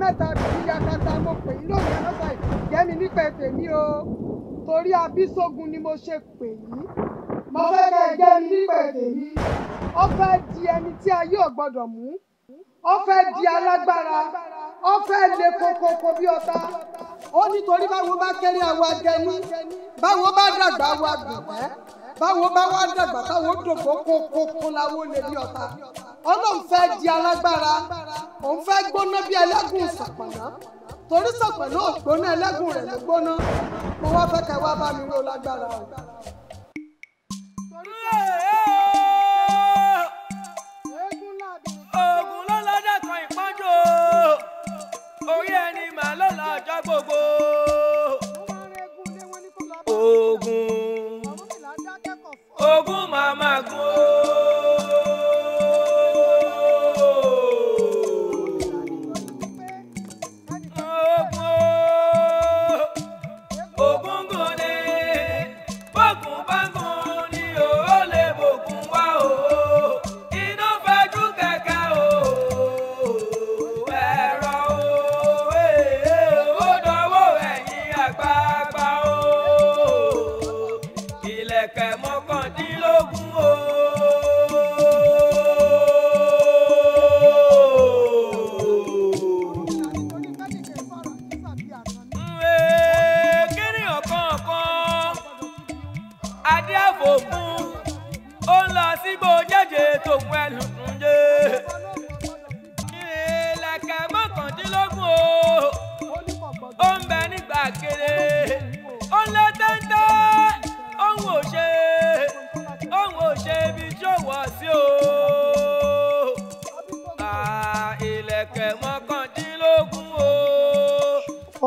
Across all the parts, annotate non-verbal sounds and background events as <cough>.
mẹ́ta bìí yakata mo pè yín lónìí ẹ lọ́sàn ìjẹ́mi nípẹ́ tèmi o torí abísógun ni mo ṣe pè yín mo fẹ́ kẹ́ ẹ jẹ́ mi nípẹ́ tèmi. ó fẹ́ di ẹni tí ayé ò gbọ́dọ̀ mú ó fẹ́ di alágbára ó fẹ́ le kokoko bí ọ̀tá ó nítorí báwo bá kéré àwọn agẹni báwo bá dàgbà àwọn àgbẹ̀fẹ́ báwo bá wá dàgbà táwọn dògbò kókókó láwo lè ní ọ̀tá ọlọ́run fẹ́ di alágbára òun fẹ́ gbóná bí ẹlẹ́gùn sàpàná torí sàpàná gbóná ẹlẹ́gùn rẹ̀ ló gbóná mo wá fẹ́ kẹ́ bá mi wó lágbára o ogún mama, go.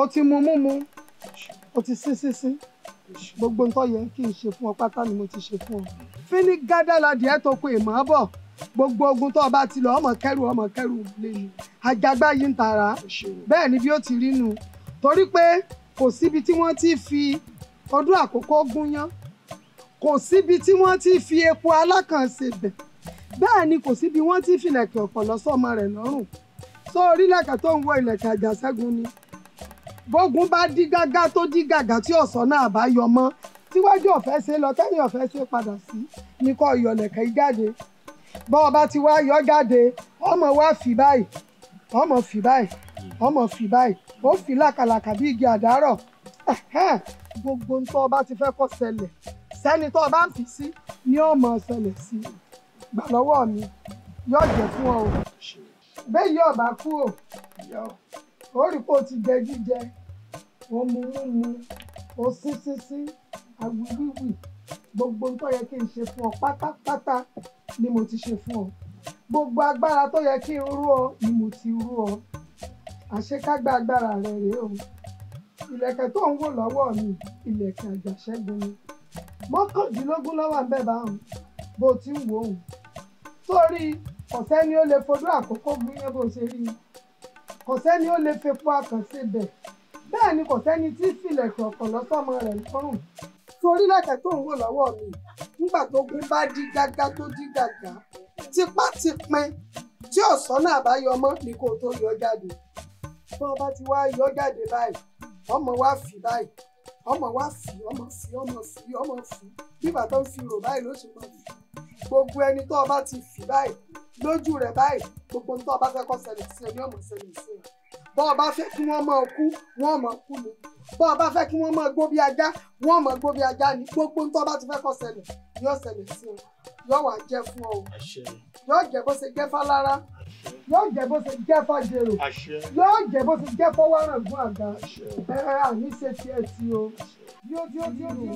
ti mu mú mu o ti sín sín sín gbogbo nǹkan yẹn kí n ṣe fún ọ pátá ni mo ti ṣe fún ọ. fíní gádà la díẹ̀ tó kó èèmọ̀ bọ̀ gbogbo ogun tó o bá ti lọ ọmọ kẹrù ọmọ kẹrù lẹ́nu àjàgbá yìí ń tara bẹ́ẹ̀ ni bí ó ti rí nu torí pé kò síbi tí wọ́n ti fi ọdún àkókò gúnyán kò síbi tí wọ́n ti fi epo alákànṣebẹ̀ bẹ́ẹ̀ ni kò síbi wọ́n ti fi ilẹ̀kẹ̀ ọ̀pọ̀lọ́sọ́mọ rẹ̀ lọ́rùn sórí ilẹ̀kẹ̀ tó ń wọ ilẹ̀kẹ̀ àjàṣẹ́gun ni bógun bá dí gágá tó dí gàgà tí ọ̀sán náà bá yọ mọ́ tíwájú ọ̀fẹ́ ṣe lọ tẹ́yìn ọ̀fẹ́ ṣe padà sí ní kọ́ ìyọ̀lẹ̀kẹ́ jáde bọ́ ọba ti wá yọ jáde ọmọ wa fi báyìí ọmọ fi báyìí ọmọ fi báyìí ó fi làkàlàkà bí igi àdárọ̀ gbogbo ń tọ́ ọba ti fẹ́ kó ṣẹlẹ̀ sẹ́ni tó ọba ń fi sí ní ọmọ ṣẹlẹ̀ sí gbà lọ́wọ́ mi yóò jẹ́ fún ọ o bẹ́ẹ̀ yóò bá kú o ó rí pé o ti jẹ jíjẹ omi mímu osín sínsín awiwíwì gbogbo tó yẹ kí n ṣe fún ọ pátápátá ni mo ti ṣe fún ọ gbogbo agbára tó yẹ kí n rú ọ ni mo ti rú ọ àṣekágbá agbára rẹ rèé o ìlẹ̀kẹ̀ tó ń wò lọ́wọ́ mi ìlẹ̀kẹ̀ àjàṣẹ́gun ni mọ́kàndínlógún ló wà bẹ́ẹ̀ báwọn bó ti ń wò ó sórí ọ̀sẹ́ ni ó lè fojú àkókò gbúyẹ́ bó ṣe rí ọ̀sẹ́ ni ó lè fepo akànṣe bẹ̀ bẹ́ẹ̀ ni kò sẹ́ni tí filẹ̀kùn ọ̀pọ̀lọ́ sọ́mọ rẹ̀ ń tọ́rùn torí lẹ́kẹ̀ tó ń wò lọ́wọ́ mi nígbà tó gún bá di gágá tó di gàgá tipá ti pin tí ọ̀sánà àbáyọ ni kò tó yọ jáde tó o bá ti wá yọ jáde báyìí ọmọ wa fi báyìí ọmọ wa fi ọmọ fi ọmọ fi ọmọ fi bíbà tó ń fi rò báyìí ló sì mọ fi gbogbo ẹni tó o ti fi báyìí lójú rẹ báyìí gbogbo ní tó o bá fẹ́ kọ́ ṣẹlẹ̀ sí ẹni ọmọ ṣẹlẹ̀ sí ẹ bọ́ ọ bá fẹ́ kí wọ́n máa kú wọ́n máa kú ni bọ́ ọ bá fẹ́ kí wọ́n máa gbó bí ajá wọ́n máa gbó bí ajá ni gbogbo ń tọ́ bá ti fẹ́ kó ṣẹlẹ̀ yóò ṣẹlẹ̀ sí ọ yóò wá jẹ́ fún ọ yóò jẹ́ bó ṣe jẹ́ fálára yóò jẹ́ bó ṣe jẹ́ fàjèrò yóò jẹ́ bó ṣe jẹ́ fọwọ́rọ̀gùn àga ẹ àní ṣe tiẹ̀ tí o bí ó ó bí ó bí ó.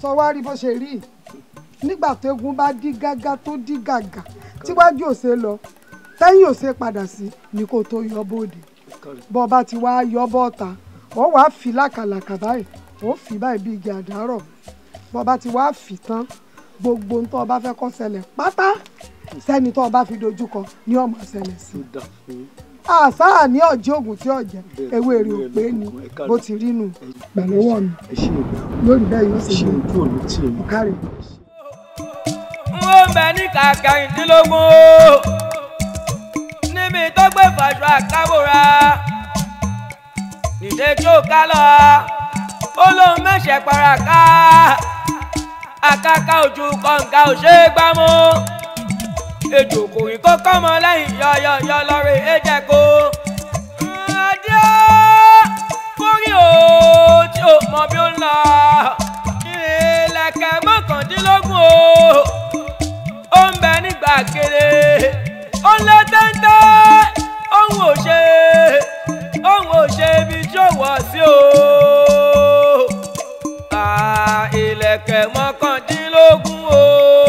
sọ wá rí bó ṣe rí nígbà tó egun bá dí gágá tó dí gàgà tíwájú ò lọ tẹ́yìn ò ṣe padà sí ni kó tó yọ bóde bọ́ bá ti wá yọ bọ́ta ó wàá fi lákàlàkà báyìí ó fi báyìí bíi igi àdárọ̀ bọ́ bá ti wá fi tán gbogbo ń tọ́ ọ bá fẹ́ kó ṣẹlẹ̀ pátá sẹ́ni tó o bá fi dojúkọ ni ọmọ ṣẹlẹ̀ sí i àṣà ní ọjọ́ ògùn tí ọ̀jẹ̀ ewé rè ó pé ni bó ti rí nù pẹ̀lọ́wọ́ mi lórí bẹ́ẹ̀ yóò ṣe ní ọ̀kárẹ̀. ó ń bẹ ní kàkà ìdílógún o níbi tó gbé fàṣọ àkábòrà nìdé tó ká lọ ó lóun mẹ́sẹ̀ para ká àkàkà ojú kọ̀ǹga ò ṣe é gbámú ejò kò rí kókó mọ lẹ́yìn yọyọyọ lọ́rẹ̀ ẹ̀jẹ̀ adé kórè o tí o mọ bí ó ń lọ ìlẹ̀kẹ̀ mọ́kàndínlógún o ó ń bẹ nígbà kéré ó lé téńté òun ò ṣe òun ò ṣe ibi jọ̀wọ́ sí o. ilẹ̀kẹ̀ mọ́kàndínlógún o.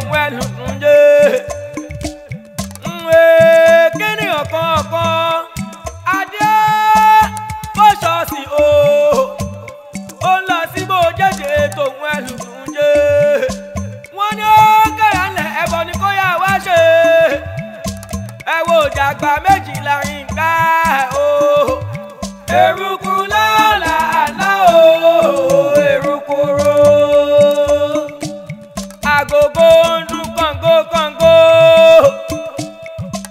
jòun ẹlùdùn jẹ́ nwe kíni ọ̀kan ọ̀kan adé bó ṣọ́ọ̀ṣì o ó lọ sí bó jẹ́jẹ́ tòun ẹlùdùn jẹ́ wọ́n ní ó kẹ́yà ńlẹ̀ ẹbọ ni kó yà wá ṣe ẹ wo ìjàgbá méjìlá yín o eruku lọ́la àlá o. kòkó ń dún kàngó kàngó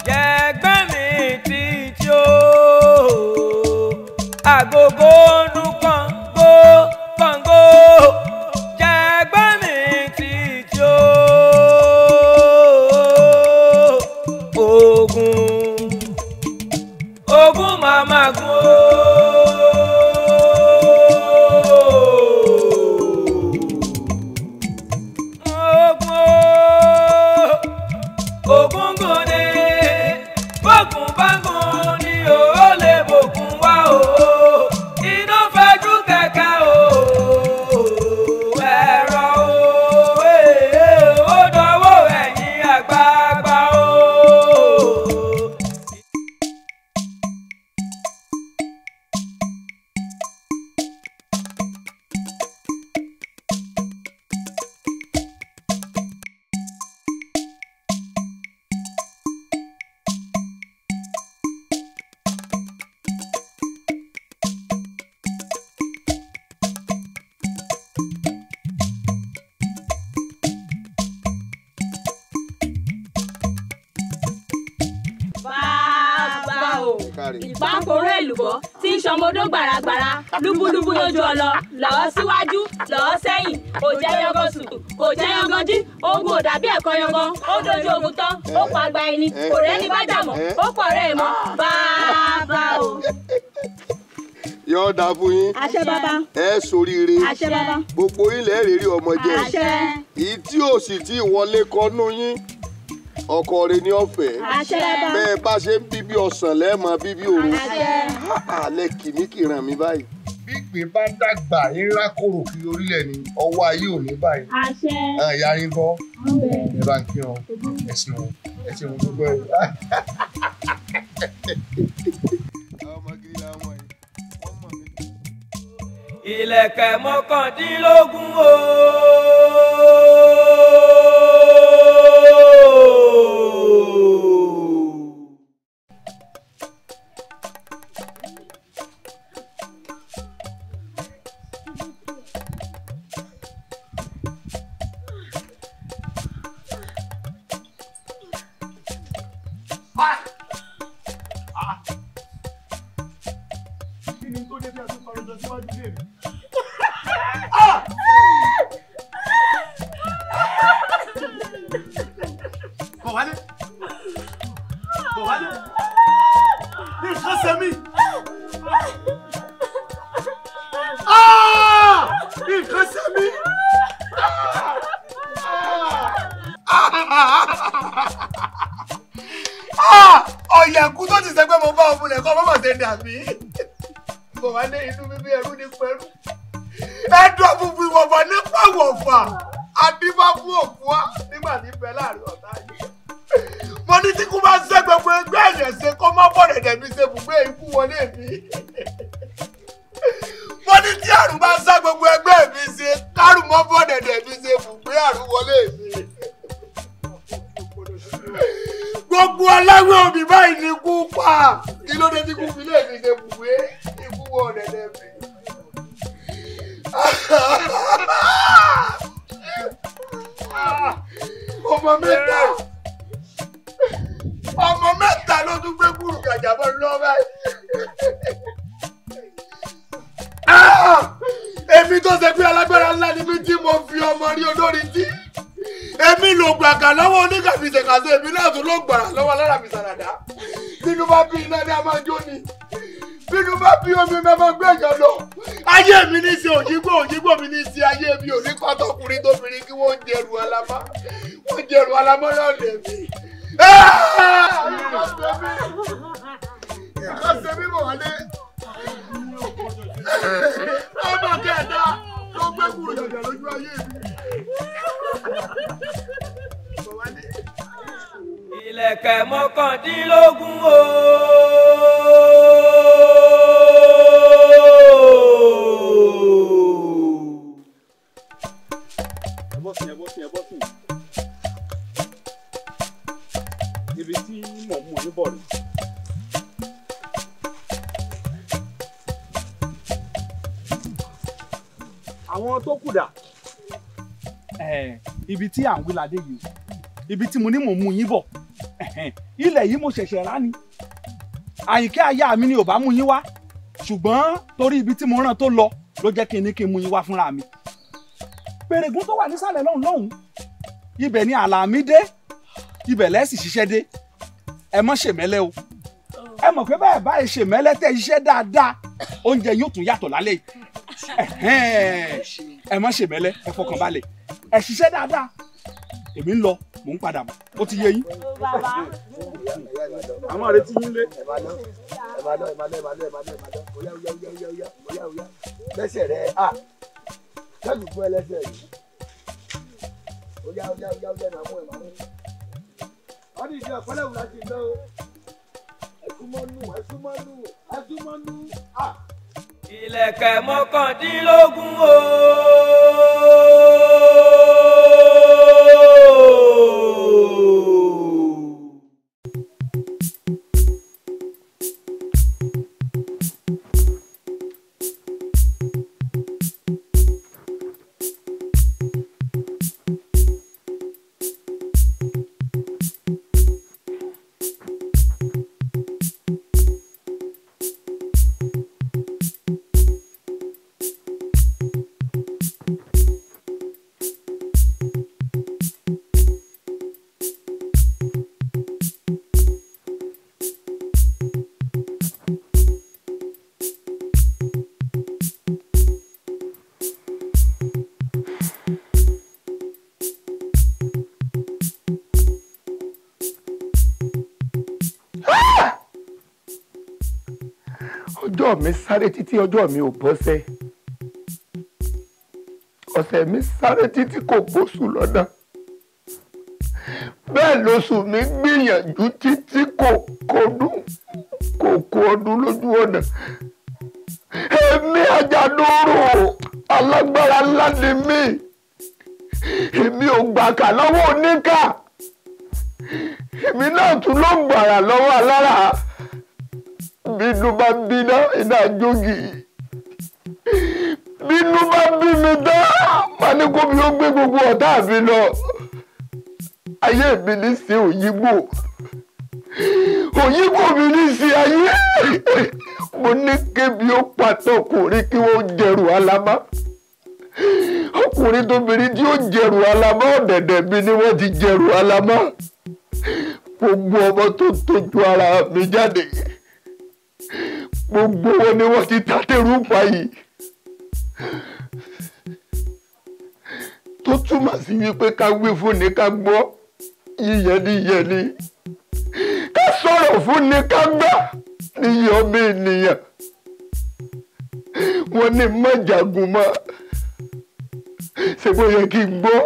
yẹgbẹ́ mi ti jó àgógó ń. ìpàkóró èlùbọ́ tí ń ṣọmọdó gbàràgbàrà lúbúlúbú lójú ọlọ lọ́ọ́ síwájú lọ́ọ́ sẹ́yìn kò jẹ́ yọgọ sùn kò jẹ́ yọgọ dí ogun ò dàbí ẹ̀kọ́ yọgọ ó dojú ogun tán ó pa àgbà ẹni kò rẹ́ni bá jà mọ́ ó pọ̀ rẹ́ ẹ̀ mọ́ bàbá o. yọ̀ọ́ dà fún yín àṣẹ ẹ ṣoríire gbogbo ilẹ̀ rèé ọmọ jẹ ìtí òsì tí ìwọlé kọ́nú yín ọkọ rẹ ní ọ̀fẹ́ bẹ́ẹ̀ bá ṣe ń bíbí ọsàn lẹẹmọ bíbí òru alẹ kìíní kì í ràn mí báyìí. bí ìgbín bá ń dàgbà ńlá kòrò kiri orílẹ̀ ni ọwọ́ ayé ò ní báyìí. àyà yín bọ́ ẹ bá ń kí wọn ẹ̀sìn wọn ẹ̀sìn wọn gbogbo ẹ̀. ìlẹ̀kẹ̀ mọ́kàndínlógún ooo. gbé ládé yìí o ibi tí mo ní mò ń mú yín bọ̀ ilẹ̀ yìí mo ṣẹ̀ṣẹ̀ rà ni àyíká aya mi ni ò bá mú yín wá ṣùgbọ́n torí ibi tí mo ràn tó lọ ló jẹ́ kí n ní kí n mú yín wá fúnra mi pèrègùn tó wà nísàlẹ̀ lọ́hùn lọ́hùn ibẹ̀ ni àlàmí dé ibẹ̀ lẹ́sì ṣiṣẹ́ dé ẹ mọ́ ṣèmẹ́lẹ́ o ẹ mọ̀ pé báyìí báyìí ṣèmẹ́lẹ́ tẹ́ ṣiṣẹ́ dáadáa oúnjẹ yóò tún yàtọ̀ lálẹ́ ẹ mọ́ ṣèmẹ́lẹ́ ẹ fọkàn ẹ ṣiṣẹ́ dáadáa èmi ń lọ mò ń padà bọ̀ ó ti yé yín. àmọ́ rẹ ti yín lé. lẹ́sẹ̀ rẹ̀ a kẹ́kù fún ẹlẹ́sẹ̀ yìí ó yá ó yá ó yá ó yá ní àwọn ẹ̀mọ́ ní ìdí ọ̀pẹ́lẹ̀ wù láti lọ ẹ̀súnmọ́nù ẹ̀súnmọ́nù ẹ̀súnmọ́nù a. ìlẹ̀kẹ̀ mọ́kàndínlógún ooo. mi sáré títí ọjọ́ mi ò bọ́sẹ̀ ọ̀sẹ̀ mi sáré títí kò bóṣù lọ́dà bẹ́ẹ̀ lóṣù mi gbìyànjú títí kò kọdún kò kó ọdún lójú ọ̀nà èmi àjàdúró alágbára ńlá ni mí èmi ò gbàkà lọ́wọ́ oníkà èmi náà tún ló gbàrà lọ́wọ́ alára bínú bá bíná iná jogi bínú bá bí mi tán máa ní kó mi ó gbé gbogbo ọ̀tá mi lọ ayé mi ní ṣe òyìnbó òyìnbó mi ní ṣe ayé mo ní kébi ó pàtó ọkùnrin kí wọ́n jẹrù alámá ọkùnrin tóbìnrin tí ó jẹrù alámá ọ̀dẹ̀dẹ̀ mi ni wọ́n ti jẹrù alámá gbogbo ọmọ tó tójú ara mi jáde yìí gbogbo wọn ni wọ́n ti dátẹ̀rù pa yìí tó túmọ̀ sí wípé ká wí fún ni ká gbọ́ yíyẹ ni yẹ ni ká sọ̀rọ̀ fún ni ká gbọ́ níyẹ ọmọ ènìyàn wọ́n ní má jagun mọ́ ṣé bó yẹ kí n gbọ́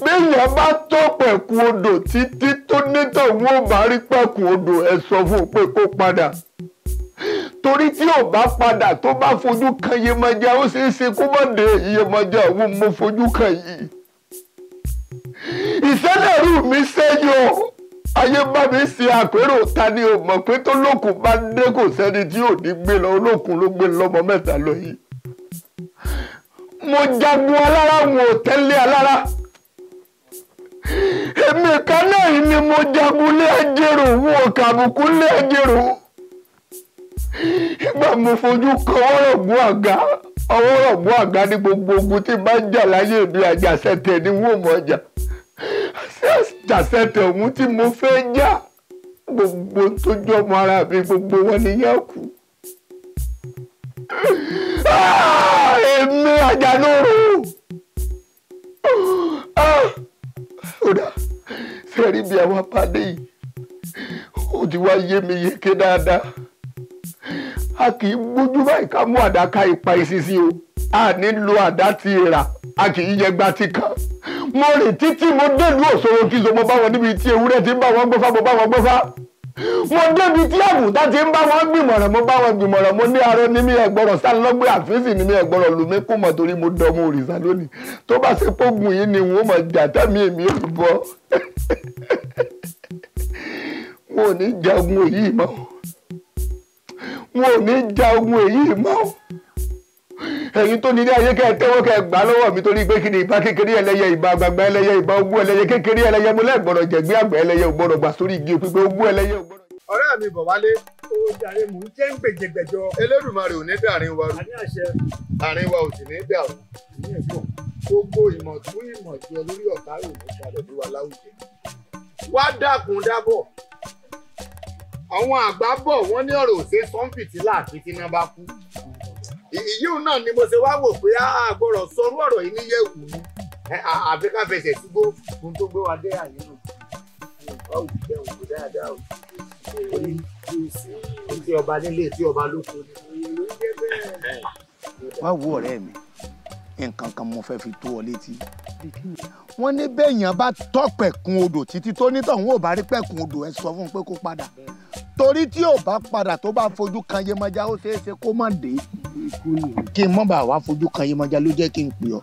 béèyàn bá tó pẹ̀kun odò títí tó nítòun ò bá rí pẹ̀kun odò ẹ̀ sọ fún un pé kó padà torí tí ò bá padà tó bá fojú kan Yemọja ó ṣeé ṣe kó má dé Yemọja òun mo fojú kan yìí ìṣẹ̀lẹ̀rú mi ṣẹ́yọ ayé bá mi ṣe àpérò ta ni ò mọ̀ pé tó lókun bá dé kò sẹ́ni tí ò ní gbé lọ olókun ló gbé lọ́mọ mẹ́ta lọ yìí mo jagun alára wọn ò tẹ́lẹ̀ alára èmi kan náà yìí ni mo jagun lé ajérò wọn ò kàbùkù lé ajérò ìgbà mo fojú kan ọ̀rọ̀gbọ́n àga ọ̀rọ̀gbọ́n àga ní gbogbo ogun tí bá ń jà láyé mi àjàsẹ̀tẹ̀ ni wọ́n mọ̀ jà àjàsẹ̀tẹ̀ ọ̀hún tí mo fẹ́ jà gbogbo tó jọ mọ́ ara mi gbogbo wọn ni yá kú ah, èmi àjànúrú. Ah, kódà sẹ́rí bí àwa pàdé yìí ó ti wá yé mi yéké dáadáa a kì í gbójú báyìí ká mú àdáká ipa ìṣiṣi o a nílò àdá ti rà a kì í yẹgba ti kàn mo rè títí mo délùú Òṣòro kí n so mo bá wọn níbi tí ewúrẹ́ ti ń bá wọn gbọ́fá mo bá wọn gbọ́fá mo débi tí àgùntà ti ń bá wọn gbìmọ̀ràn mo bá wọn gbìmọ̀ràn mo ní arọ ní mi ẹ̀gbọ́rọ̀ sáà lọ́gbẹ́ àfíìsì ní mi ẹ̀gbọ́rọ̀ lùmí kú mọ̀ torí mo dọ̀ mo òrìṣà lónìí tó bá ṣe pógun yìí ni n ó mọ̀ jà tẹ́mi èmi ò bọ́ wọn ò ní jagun èyí mọ́ wọn ò ní jagun èyí mọ́ ẹ̀yin tó nílé ayé kẹ́ ẹ tẹ́wọ́ gbà lọ́wọ́ mi torí pé kí ni ìbá kékeré ẹlẹ́yẹ ìbá gbàgbà ẹlẹ́yẹ ìbá ogún ẹlẹ́yẹ kékeré ẹlẹ́yẹ mo lẹ́gbọ̀rọ̀ jẹ̀gbẹ́ àgbẹ̀ ẹlẹ́yẹ ògbọ̀rọ̀ gbà sórí igi òpípẹ́ ogún ẹlẹ́yẹ ògbọ̀rọ̀. ọ̀rẹ́ mi bọ̀ wálé ó jàre mò ń jẹ́ ń gbèjè gbẹ̀jọ. Elédùmarè ò ní dàrin wa rú àrin wa ò sì ní dàrú gbogbo ìmọ̀ tún ìmọ̀ jẹ lórí ọ̀tá àwọn àgbà bọ̀ wọ́n ní ọ̀rọ̀ òṣèṣọ́ ń fìtílà tí iná bá kú ìyíhùn náà ni mo ṣe wá wò pé àgbọ̀rọ̀ ah, sọrú ọ̀rọ̀ yìí níyẹ̀wù mi àfi ká fẹsẹ̀ túbó fún tó gbé wa dé àyè o orí ti ọba nílé tí ọba lóko ni. wá wo ọ̀rẹ́ mi nǹkan kan mo fẹ́ fi tó ọ létí wọ́n ní bẹ́ẹ̀yàn bá tọ́pẹ̀kun odò títí tó nítọ̀hún ò bá rí pẹ̀kun odò ẹ sọ fún un pé kó padà torí tí ò bá padà tó bá fojú kan Yemọja ó ṣeé ṣe kó má dé kí n mọ̀ bá wá fojú kan Yemọja ló jẹ́ kí n pè ọ́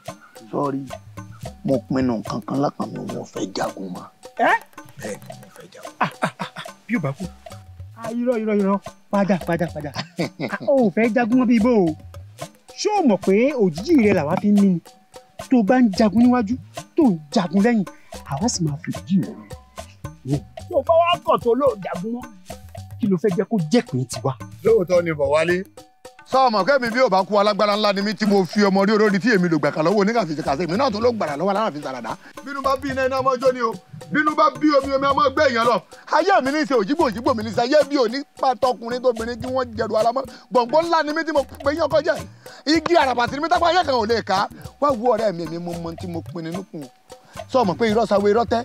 sọ́ọ́rí mo pinnu nǹkan kan lákàn mi wọn fẹ́ jagun mọ́. ẹ bẹ́ẹ̀ ni mo fẹ́ jagun. Ah, ah, ah, bí o bá kú. irọ́ irọ́ irọ́ padà padà padà <laughs> o ò fẹ́ jagun mọ́ bí ibo o ṣé o mọ̀ pé òjijì rẹ làwa fi ń mí tó bá ń jagun níwájú tó ń jagun lẹ́yìn àwa sì máa fi jì rẹ. tó o bá tó lóò jagun mọ́ kí ló fẹ́ jẹ́ kó jẹ́ ti wá. lóòótọ́ ni bọ̀ wálé. sọ́ọ̀mọ̀ kẹ́mi bí ò bá kú alágbára ńlá ni mí tí mo fi ọmọ rí olórí tí èmi lò gbà kà lọ́wọ́ oníkàfíìsì kàṣẹ́ mi náà tó ló gbàrà lọ́wọ́ aláàfin sàràdá. bínú bá bí iná iná ọmọ jó ni o bínú bá bí omi omi ọmọ gbé èèyàn lọ ayé mi ní í òjìgbò òjìgbò mi ní í ayé bí òní pàtọkùnrin tóbìnrin tí wọ́n jẹ̀rù alamọ́ gbọ̀ngbọ́n ńlá ni mí tí mo pe yán kọjá igi àràbàtì ni mí tápá ayé kan ò lè ká wá wo ọ̀rẹ́ mi èmi mo mọ tí mo pinnu nínú kùn sọ mọ̀ pé irọ́ sawo irọ́ tẹ́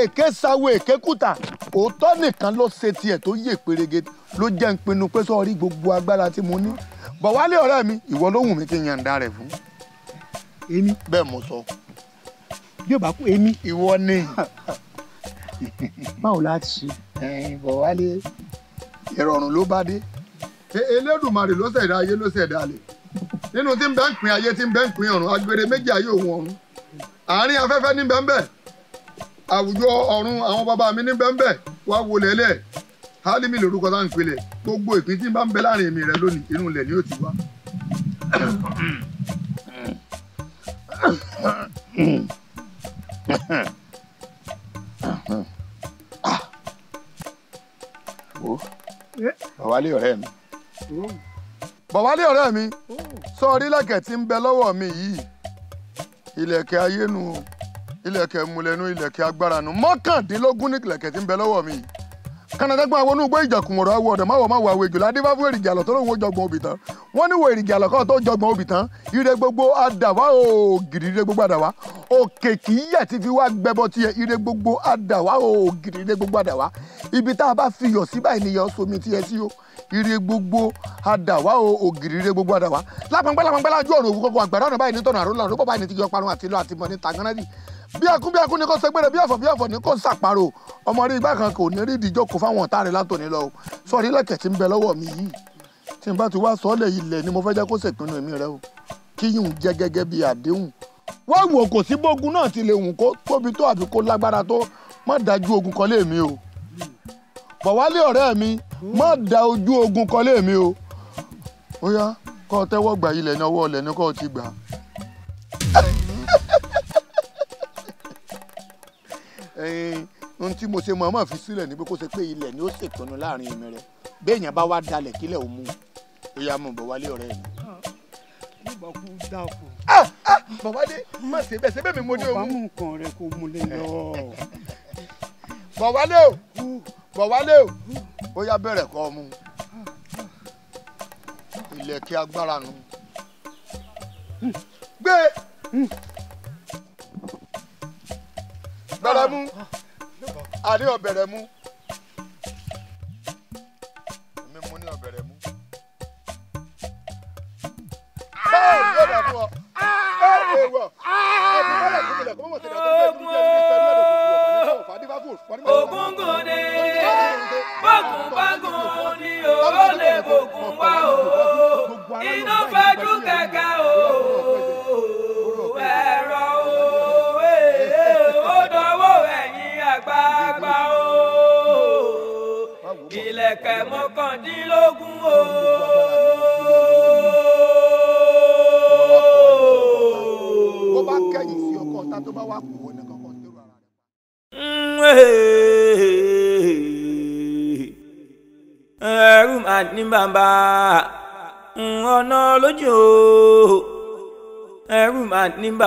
èké sawo èké kùtà òótọ́ nìkan ló ṣe tiẹ̀ tó yè pérégé ló jẹ́ ń pinnu pé sọ́ọ́ rí gbogbo agbára tí mo ní bọ̀wálé ọ̀rẹ́ mi ìwọ ló wù mí kí n yàǹda rẹ̀ fún. èmi bẹ́ẹ̀ mo sọ. yóò bá kú èmi. ìwọ ni. <laughs> báwo la ti ṣe. bọ̀wálé ìrọ̀rùn ló bá dé e, elédùnmarè ló ṣẹ̀dá ayé ló ṣẹ̀dá lẹ̀ nínú tí ń bẹ́ ń ayé tí ń bẹ́ ń ọ̀run agbèrè méjì ayé òun ọ̀run àárín afẹ́fẹ́ ní bẹ́ńbẹ́ àwùjọ ọ̀run àwọn bàbá mi ní bẹ́ńbẹ́ wá wọlé lẹ̀ hálímì lórúkọ tá à ń pilẹ̀ gbogbo ìpín tí n bá ń bẹ láàrin èmi rẹ lónìí inú ilẹ̀ ni yóò ti wá. bọ̀wálé ọ̀rẹ́ mi. bọ̀wálé ọ̀rẹ́ mi sọ orí lẹ́kẹ̀ẹ́ tí ń bẹ lọ́wọ́ mi yìí ilẹ̀kẹ̀ ayé nu o ilẹ̀kẹ̀ múlẹ̀nu ilẹ̀kẹ̀ agbára nu mọ́kàndínlógún ní ilẹ̀kẹ̀ tí ń bẹ lọ́wọ́ mi kanadagbọn àwọn onúgbó ìjàkùn ọ̀rọ̀ awọ ọ̀dọ̀ máwọ̀ máwọ̀ àwọn èjòlá adébá fún èrìgì àlọ́ tó lóun ó jọgbọ̀n òbí tán wọ́n níwò èrìgì àlọ́ kan tó jọgbọ̀n òbí tán ire gbogbo àdàwà ògìrì ire gbogbo àdàwà òkè kì í yẹ̀ tí fi wá gbẹbọ tiẹ̀ ire gbogbo àdàwà ògìrì ire gbogbo àdàwà ibi tá a bá fi yọ̀ sí báyìí ni yọ̀ sí o ire gbogbo àdàwà o ògiri ire gbogbo àdàwà lápapẹ́ lápapẹ́ lájú ọ̀nà òwú gbogbo àgbàdo ọ̀nà báyìí nítorí àrùn lọ́nà báyìí ní ti jọ parun àti lọ àti mọ̀ ní tàgánná dì bí ẹkún bí ẹkún ni kò sẹgbẹrẹ bí ọ̀fọ̀ bí ọ̀fọ̀ ni kò sàparò ọmọ rí igbá kan kò ní rí ìdíjọ kò fáwọn ọ̀tá rẹ̀ látòní lọ sọrí lẹ̀kẹ̀ ń bẹ lọ́wọ́ mi yìí tí n bá ti wá sọ́ọ̀lẹ̀ ilẹ̀ ni mo fẹ́ jẹ́ kó ṣèpinnu èmi rẹ o kíyùn jẹ́ gẹ́gẹ́ bí àdéhùn wọ́n wò kò sí bógun náà ti lè hùn kó tóbi tó àbí kó lágbára tó má dájú ogun kan lé mi o. Bọ̀wálé ọ̀rẹ́ mi má da ojú ogun kọlé mi o ó yá kọ́ tẹ́wọ́ gbà ilẹ̀ ní ọwọ́ ilẹ̀ ní kọ́ ti gbà. ohun tí mo ṣe mọ̀ mọ̀ fi sílẹ̀ ni pé kó ṣe pé ilẹ̀ ni ó ṣèpinnu láàrin èmi rẹ̀ béèyàn bá wá dalẹ̀ kílẹ̀ ò mú ó yá mọ̀ Bọ̀wálé ọ̀rẹ́ mi. Bọ̀wálé má ṣe bẹ́ẹ̀ ṣe bẹ́ẹ̀ mi mo ní òun. ọ̀pá mú nǹkan rẹ̀ Bọ̀wálé o kọ̀ wálé o ó yá bẹ̀rẹ̀ kọ́ ọ mu ilẹ̀ kí agbára nu gbé bẹ̀rẹ̀ mu àní ọ̀bẹ̀rẹ̀ mu.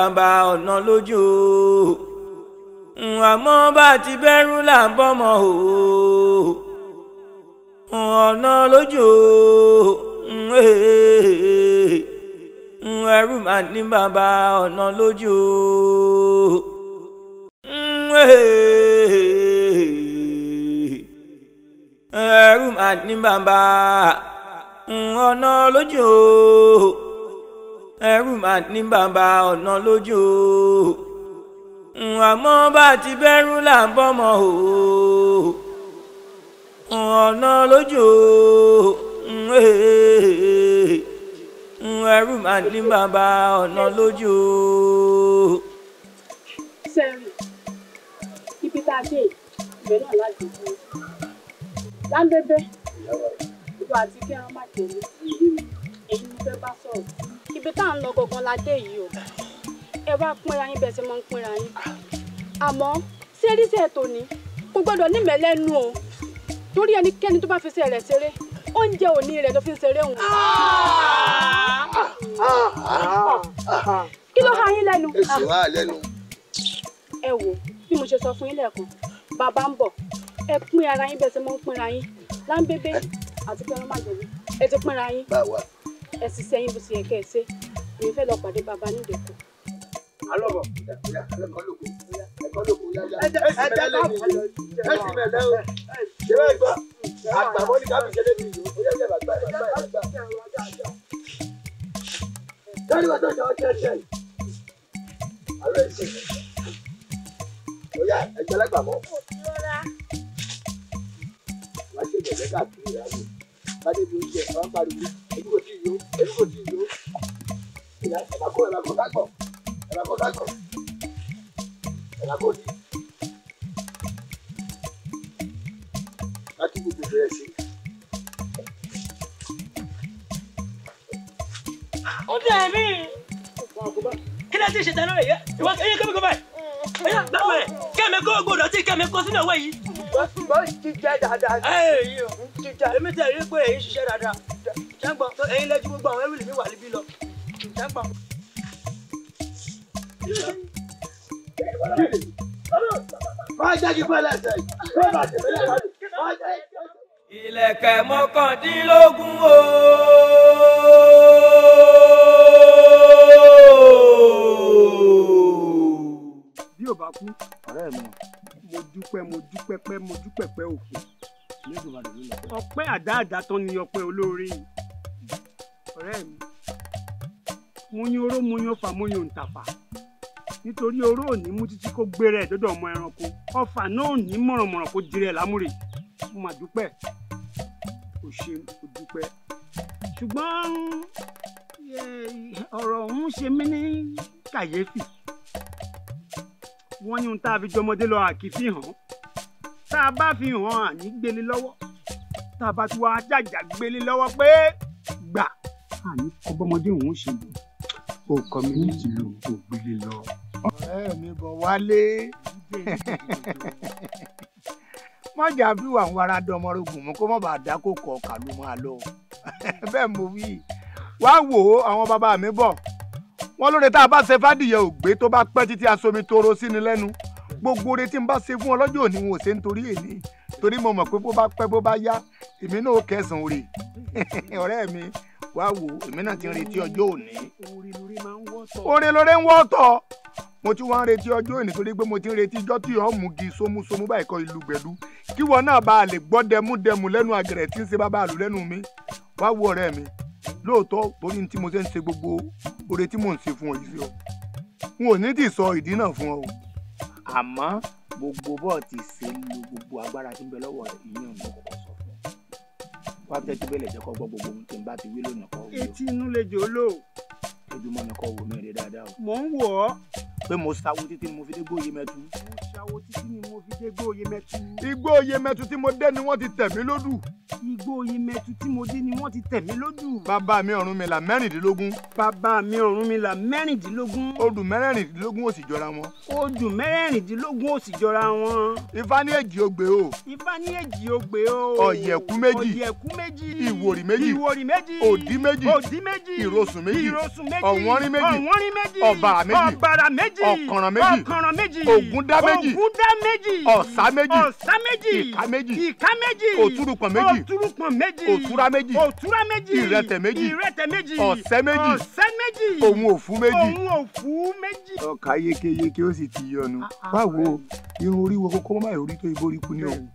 bàbá ọ̀nà lójú o àmọ́ bá ti bẹ́rù là ń bọ́mọ o ọ̀nà lójú o ẹrù mà ní bàbá ọ̀nà lójú ẹrù mà ní bàbá ọ̀nà lójú o ẹrù mà ní bàbá ọ̀nà lójú o àmọ́ bá ti bẹ́rù là ń bọ́mọ o ọ̀nà lójú o ẹrù mà ní bàbá ọ̀nà lójú o. sẹ́rù ibi tá a dé ìgbẹ́ náà láti dúró láńbẹ́bẹ́ ìwà àti kí má jẹun ibi tá à ń lọ gangan la yìí o ẹ wá pínra yín bẹ́ẹ̀ ṣe máa ń pínra yín àmọ́ ṣéríṣẹ́ tòní kò gbọ́dọ̀ nímẹ̀lẹ́nu o torí ẹnikẹ́ni tó bá fi ṣe rẹ̀ ṣeré oúnjẹ òní rẹ̀ ló fi ń ṣeré òun. kí ló ha yín lẹ́nu. èsì wá lẹ́nu. ẹ wo bí mo ṣe sọ fún yín lẹ́ẹ̀kan bàbá ń bọ̀ ẹ pín ara yín bẹ́ẹ̀ ṣe máa ń pínra yín láńbébé àti pé ọlọ́màjẹ̀bí ẹ ti pínra yín. báwa ẹ sì sẹ́yìn bó ti yẹ kẹ́ ẹ ṣe èmi fẹ́ lọ pàdé bàbá nídẹ̀kọ́. alọ́bọ̀ ẹ̀kọ́ lóko ẹ̀kọ́ lóko yáyá ẹ̀sìn mẹ́lẹ́ lẹ́yìn ẹ̀sìn mẹ́lẹ́ o ṣé wẹ́ẹ́ gbọ́ àgbàmọ́ ní kábíyèsí lẹ́bi ìlú ó yẹ kẹ́ bàgbà ẹ̀ bàgbà ẹ̀ bàgbà. sẹ́ni wọ́n tó jọ ọ́ jẹ́ jẹ́ àlọ́ ẹ̀sìn ó yá ẹ̀jẹ̀ lẹ́gbàmọ́. wọ́n ṣe ìgbẹ̀lẹ́ káàkiri rẹ̀ á bàdé bí oúnjẹ àwọn pariwo èmi tí ì yó èmi tí ì yó ẹ̀làkó ẹ̀làkó dákọ̀ ẹ̀làkó dákọ̀ ẹ̀làkó dì. láti gbogbo bẹ̀rẹ̀ sí. ó dé ẹ̀mí. kí ló ti ṣe lórí yẹn ìwọ ẹyẹ kẹ́mi báyìí kẹ́mi kó gbòdò tí kẹ́mi kó sínú ọwọ́ yìí. mo ti jẹ dáadáa jíjà èmi tẹ̀ rí pé èyí ṣiṣẹ́ dáadáa jẹ́ǹgbọ́n tó ẹ̀yin lẹ́jú gbogbo àwọn ẹ̀rìlì mi wà níbí lọ jẹ́ǹgbọ́n. máa mọ́kàndínlógún o. bí ò bá kú ọ̀rẹ́ mi mo dúpẹ́ mo dúpẹ́ pẹ́ mo dúpẹ́ pẹ́ òkú ọpẹ́ àdáàdá tán ni ọpẹ́ olóore yìí ọ̀rẹ́ mi muyin oró muyin ọfà muyin òǹtàfà nítorí oró òní mú títí kó gbé rẹ̀ dọ́dọ̀ ọmọ ẹranko ọfà náà òní mọ̀rànmọ̀ràn kó dirẹ̀ lámúre mo mà dúpẹ́ kò ṣe kò dúpẹ́ ṣùgbọ́n ọ̀rọ̀ ọ̀hún ṣe mí ní kàyéfì wọ́n ní ohun tá a fi jọmọdé lọ àkìfihàn tá a bá fi hàn àní gbélé lọ́wọ́ tá a bá ti wá jàjà gbélé lọ́wọ́ pé gbà àní ọgbọ́mọdé òun ṣe lò ó kọ́ mi ní ìlú kò gbélé lọ. ọ̀rẹ́ mi bọ̀ wálé <laughs> mọ̀jà bí wà ń wara dọmọrogùn mú kó mọ̀ bá dákò kọ̀ ọ̀kà ló máa lọ <laughs> bẹ́ẹ̀ mo wí wá wò ó àwọn bàbá mi bọ̀ wọ́n lóore tá a bá ṣe fádìyẹ ògbé tó bá pẹ́ títí aṣomi toro sí lẹ́nu gbogbo oore tí n bá ṣe fún ọ òní wọn ò ṣe nítorí èmi torí mo mọ̀ pé bó bá pẹ́ bó bá yá èmi náà kẹsàn-án rè <laughs> ọ̀rẹ́ mi wá wò èmi náà ti ń retí ọjọ́ òní. oore lóore ń wọ́tọ̀ mo ti wá ń retí ọjọ́ òní torí pé mo ti ń retí ijọ́ tí yóò mú gi sómúsómú báyìí kọ́ ìlú gbẹ̀dú kí wọn náà bá a lè gbọ́ dẹmúdẹmú lẹ́nu àgẹ̀rẹ̀ tí ń ṣe bàbá àlù lẹ́nu mi wá wo ọ̀rẹ́ mi lóòótọ́ torí tí mo ṣe ń ṣe gbogbo oore tí mò ń ṣe fún ọ yìí sí ọ n ò ní tì sọ ìdí náà fún ọ o àmọ́ gbogbo bọ́ọ̀ ti ṣe ń lo gbogbo agbára tí ń bẹ lọ́wọ́ rẹ̀ ìyẹn ò ní kọ́kọ́ sọ fún un wá fẹ́ kí bẹ́ẹ̀ lè gbọ́ gbogbo ohun tí ń bá ti wí lónìí kọ́ wí etí inú lè jò lò ojúmọ́ ni kò wò náà dé dáadáa o. mò ń wọ̀ ọ́. pé mo ṣàwo títí ni mo fi dé gbóyè mẹ́tú. mo ṣàwo títí ni mo fi dé gbóyè mẹ́tú. igbó oyè mẹ́tú tí mo dé ni wọ́n ti tẹ̀ mí lódù. igbó oyè mẹ́tú tí mo dé ni wọ́n ti tẹ̀ mí lódù. bàbá mi Ọ̀rúnmìlà mẹ́rìndínlógún. bàbá mi Ọ̀rúnmìlà mẹ́rìndínlógún. odù mẹ́rìndínlógún ò sì jọra wọn. odù mẹ́rìndínlógún ò sì jọra wọn. ifá ní èjì ogbè o. ifá ní èjì ogbè o. ọ̀yẹ̀kú ọ̀wọ́nrín méjì ọ̀bàrà méjì ọ̀bàrà méjì ọ̀kànràn méjì ọ̀kànràn méjì ògúndá méjì ògúndá méjì ọ̀sá méjì ọ̀sá méjì ìka méjì ìka méjì òtúrùpọ̀n méjì òtúrùpọ̀n méjì òtúrá méjì òtúrá méjì ìrẹtẹ̀ méjì ìrẹtẹ̀ méjì ọ̀sẹ́ méjì ọ̀sẹ́ méjì òun òfú méjì òun òfú méjì. ọkà yékéyéké ó sì ti yọnu ah, ah. báwo irun orí wo kókó mọ́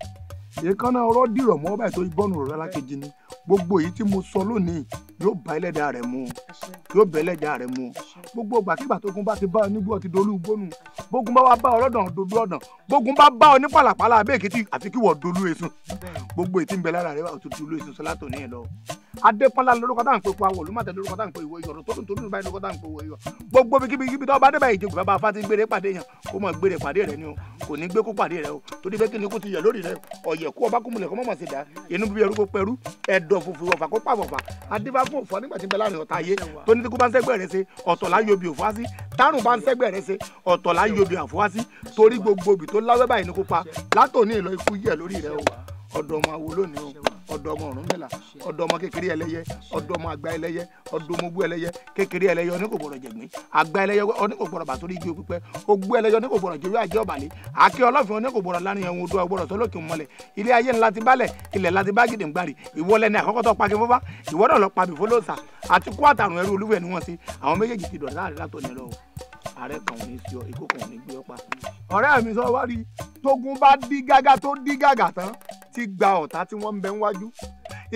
èékánná ọ̀rọ̀ dìrọ̀ mọ́ báyìí tó bọ́ọ̀nù rẹ̀ lákejì ni gbogbo èyí tí mo sọ lónìí yóò bá ẹlẹ́dàá rẹ̀ mu yóò bẹ ẹlẹ́dàá rẹ̀ mu gbogbo ìgbàkigbà tógun bá ti bá ọ nígbó ọtí dolú gbónú bógun bá wá bá ọ lọ́dàn dodo ọ̀dàn bógun bá bá ọ ní pàlàpàlà abẹ́ èkìtì àfi kí wọ́n dolú esun gbogbo èyí tí ń bẹ lára rẹ̀ wà tó dolú esun sọ́látò ní ẹ̀ lọ. adépọ́nlá lórúkọ tá à ń pe pawọ́ olùmọ̀tẹ́ lórúkọ tá à ń pe ìwọ iyọ̀ tóun tóun báyìí lórúkọ tá à ń pe ìwọ iyọ̀ gbogbo bíkíbi kíbi tó bá dé báyìí ìjẹ̀gùn bàbá fati gbére pàdé yẹn kó mọ̀ gbére pàdé rẹ̀ ni o kò ní gbé kó pàdé rẹ̀ o torí bẹ́ẹ̀ kí ni kó ti yẹ lórí rẹ̀ ọ̀y yẹ kó ọba kó múlẹ̀ kó mọ̀mọ́ sí da inú bíbí ẹrú kó pẹ̀rú ẹ̀dọ̀ fùfù ọ̀fà kó pàwọ̀fà adébáfún òfò nígbà tí ń bẹ láàrin ọ̀tá tó ní tíkú bá ń sẹ́gbẹ̀ rẹ̀ ṣe ọ̀tọ̀ láyé obì òfò wá tárùn bá ń sẹ́gbẹ̀ rẹ̀ ṣe ọ̀tọ̀ láyé obì àfọwá sí torí gbogbo obì tó láwẹ́ báyìí ní kópa látòní ìlọ ikú yẹ̀ lórí rẹ̀ o ọ̀dọ̀ ọmọ awo lónìí o ọ̀dọ̀ ọmọ ọ̀rúnmìlà ọ̀dọ̀ ọmọ kékeré ẹlẹ́yẹ ọ̀dọ̀ ọmọ àgbà ẹlẹ́yẹ ọ̀dọ̀ ọmọ ogbó ẹlẹ́yẹ kékeré ẹlẹ́yẹ oníkògbọ̀rọ̀ jẹ̀gbìn àgbà ẹlẹ́yẹ oníkògbọ̀rọ̀ bàtórí igi òpípẹ́ ogbó ẹlẹ́yẹ oníkògbọ̀rọ̀ jẹ̀wé àjẹ́ ọ̀bàlẹ̀ àkè ọlọ́fin oníkògbọ̀rọ̀ lánìyàn ohun odò ọgbọ̀rọ̀ tó lókè ilé ayé ńlá ti balẹ̀ ilẹ̀ ńlá ti ńgbàrì ìwọ lẹni àkọ́kọ́ tó pa kẹfọ́fá lọ pa bìfọ́lọ́sà àti kó àtàrùn ẹrú olúwẹ̀ ni wọ́n ṣe àwọn méjèèjì ti dọ̀tà àrílà tó ní ààrẹ kan ò ní fi ọ ikú kan ò ní gbé ọ ọ̀rẹ́ mi sọ wá rí tógun bá dí gágá tó dí gàgà tán ti gba ọ̀tá tí wọ́n ń bẹ níwájú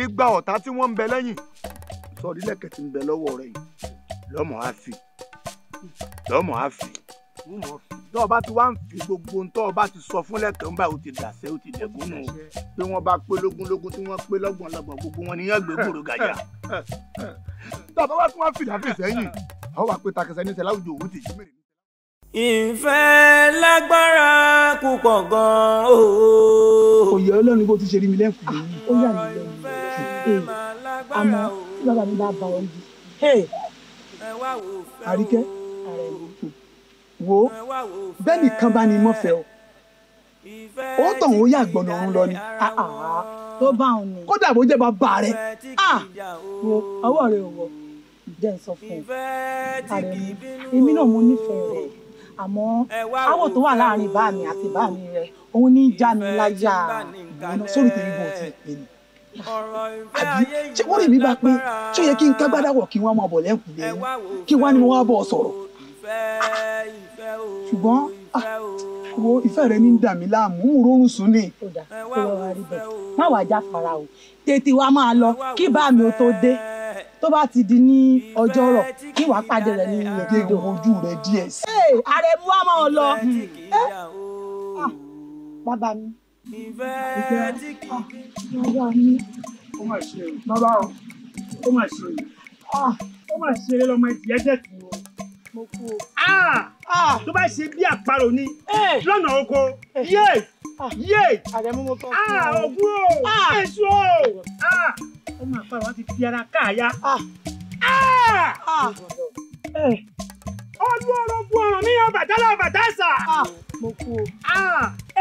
igba ọ̀tá tí wọ́n ń bẹ lẹ́yìn sọ̀rí lẹ́kẹ̀ tí ń bẹ lọ́wọ́ rẹ̀ yìí lọ́mọ á fi lọ́mọ á fi tọ́ ọ ti wá ń fi gbogbo tọ́ ọ ti sọ fún lẹ́kàn báyìí ó ti dàsẹ́ ó ti dẹ̀kun nù pé wọ́n bá pé lógúnlógún tí wọ́n pé lọ́gbọ̀nlọ́gbọ̀n gbogbo wọn ni yẹn gbé gbòòrò gàjà <laughs> tọ́ ọ bá wá tún wá fìdáfì sẹ́yìn ọ wà pé takasẹ ní tẹlẹ àwùjọ òwú tèjú mèrè. ìfẹ́ lágbára púpọ̀ gan-an o. òye ọlọ́run bó ti ṣe rí mi lẹ́kùn yìí ó yà mí lẹ́nu àmọ́ tí bàbá mi bá bá ọ bí. àríkẹ́ wo bẹ́ẹ̀ nìkan bá ní mọ́fẹ́ o ó tàn ó yà gbọ̀nà òun lọ ni ah, ah, ah. tó bá òun ni kódà bó jẹ́ bàbá rẹ̀ ọwọ́ rẹ̀ wọ̀ jẹ́ ń sọ fún ẹ èmi náà mo nífẹ̀ẹ́ rẹ̀ àmọ́ áwọ̀ tó wà láàrin bá mi àti bá mi rẹ̀ òun ní já mi láyà ìgbóná sórí tèmi bò tí pè mí àbí ṣé wọ́n rí mi bá pé ṣó yẹ kí n kágbádá wọ̀ kí wọ́n máa bọ̀ lẹ́kùn lé kí wọ́n ní mo wá bọ̀ ọ sọ̀rọ̀ ṣùgbọ́n ah, wo ìfẹ́ rẹ ní dàmí láàmú ń rọrùn sùn ni. ó dà kó wá rí bẹ́ẹ̀ má wàá já fara o tètè wá máa lọ kí bá mi ò tó dé tó bá ti di ní ọjọ́rọ̀ kí wàá pàdé rẹ̀ ní ìyẹn. jẹ́ ìwojú rẹ̀ díẹ̀ sí. ee ààrẹ mú àmọ́ ọ lọ. Ah, bàbá mi. Ah, bàbá mi. ó mà ṣe o bàbá o ó mà ṣe o ah, ó mà ṣe eré lọmọ ẹtì ẹjẹ tì o. mo o. tó bá ṣe bí àparò ni eh. lọ́nà oko eh. yé yé ogún o èso o ó máa pa àwọn ti fi ara káàyà. ọdún ọlọ́gbọ́n ọ̀ràn mi yan bàtà lára bàtà sà. Ah. mo kú o.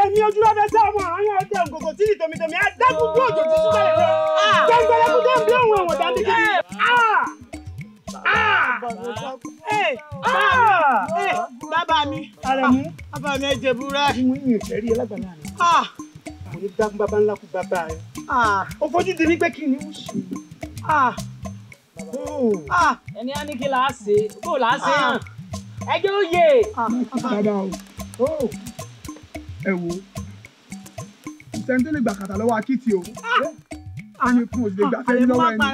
èmi ah. ojú lọ́dẹ sí ọmọ àwọn yóò dẹ ògògò tí tòmítòmí adágún bí òjò títí bẹ̀rẹ̀ lọ. Ah. gbẹngbẹrẹkú tó ń bí òun ẹ̀wọ̀n dàbí kí. Eh. Eh. Eh. bàbá mi bàbá mi ẹ jẹ búra. ìwé ìyẹn fẹ́ rí ẹ lágbàlá rẹ ní dákú bàbá ńlá kú bàbá rẹ ah. ó fojú di mí pé kí ni ó ṣe. Ah. Hmm. Ah. ẹni á ní kí là á ṣe kó là á ṣe hàn ẹjọ́ ó yè. bàbá o oh. ẹ wo ìsẹ́ni tó lè gbà kàtà lọ́wọ́ akitì o àmì fún òṣèlú gbàtẹ́ lọ́wọ́ ẹni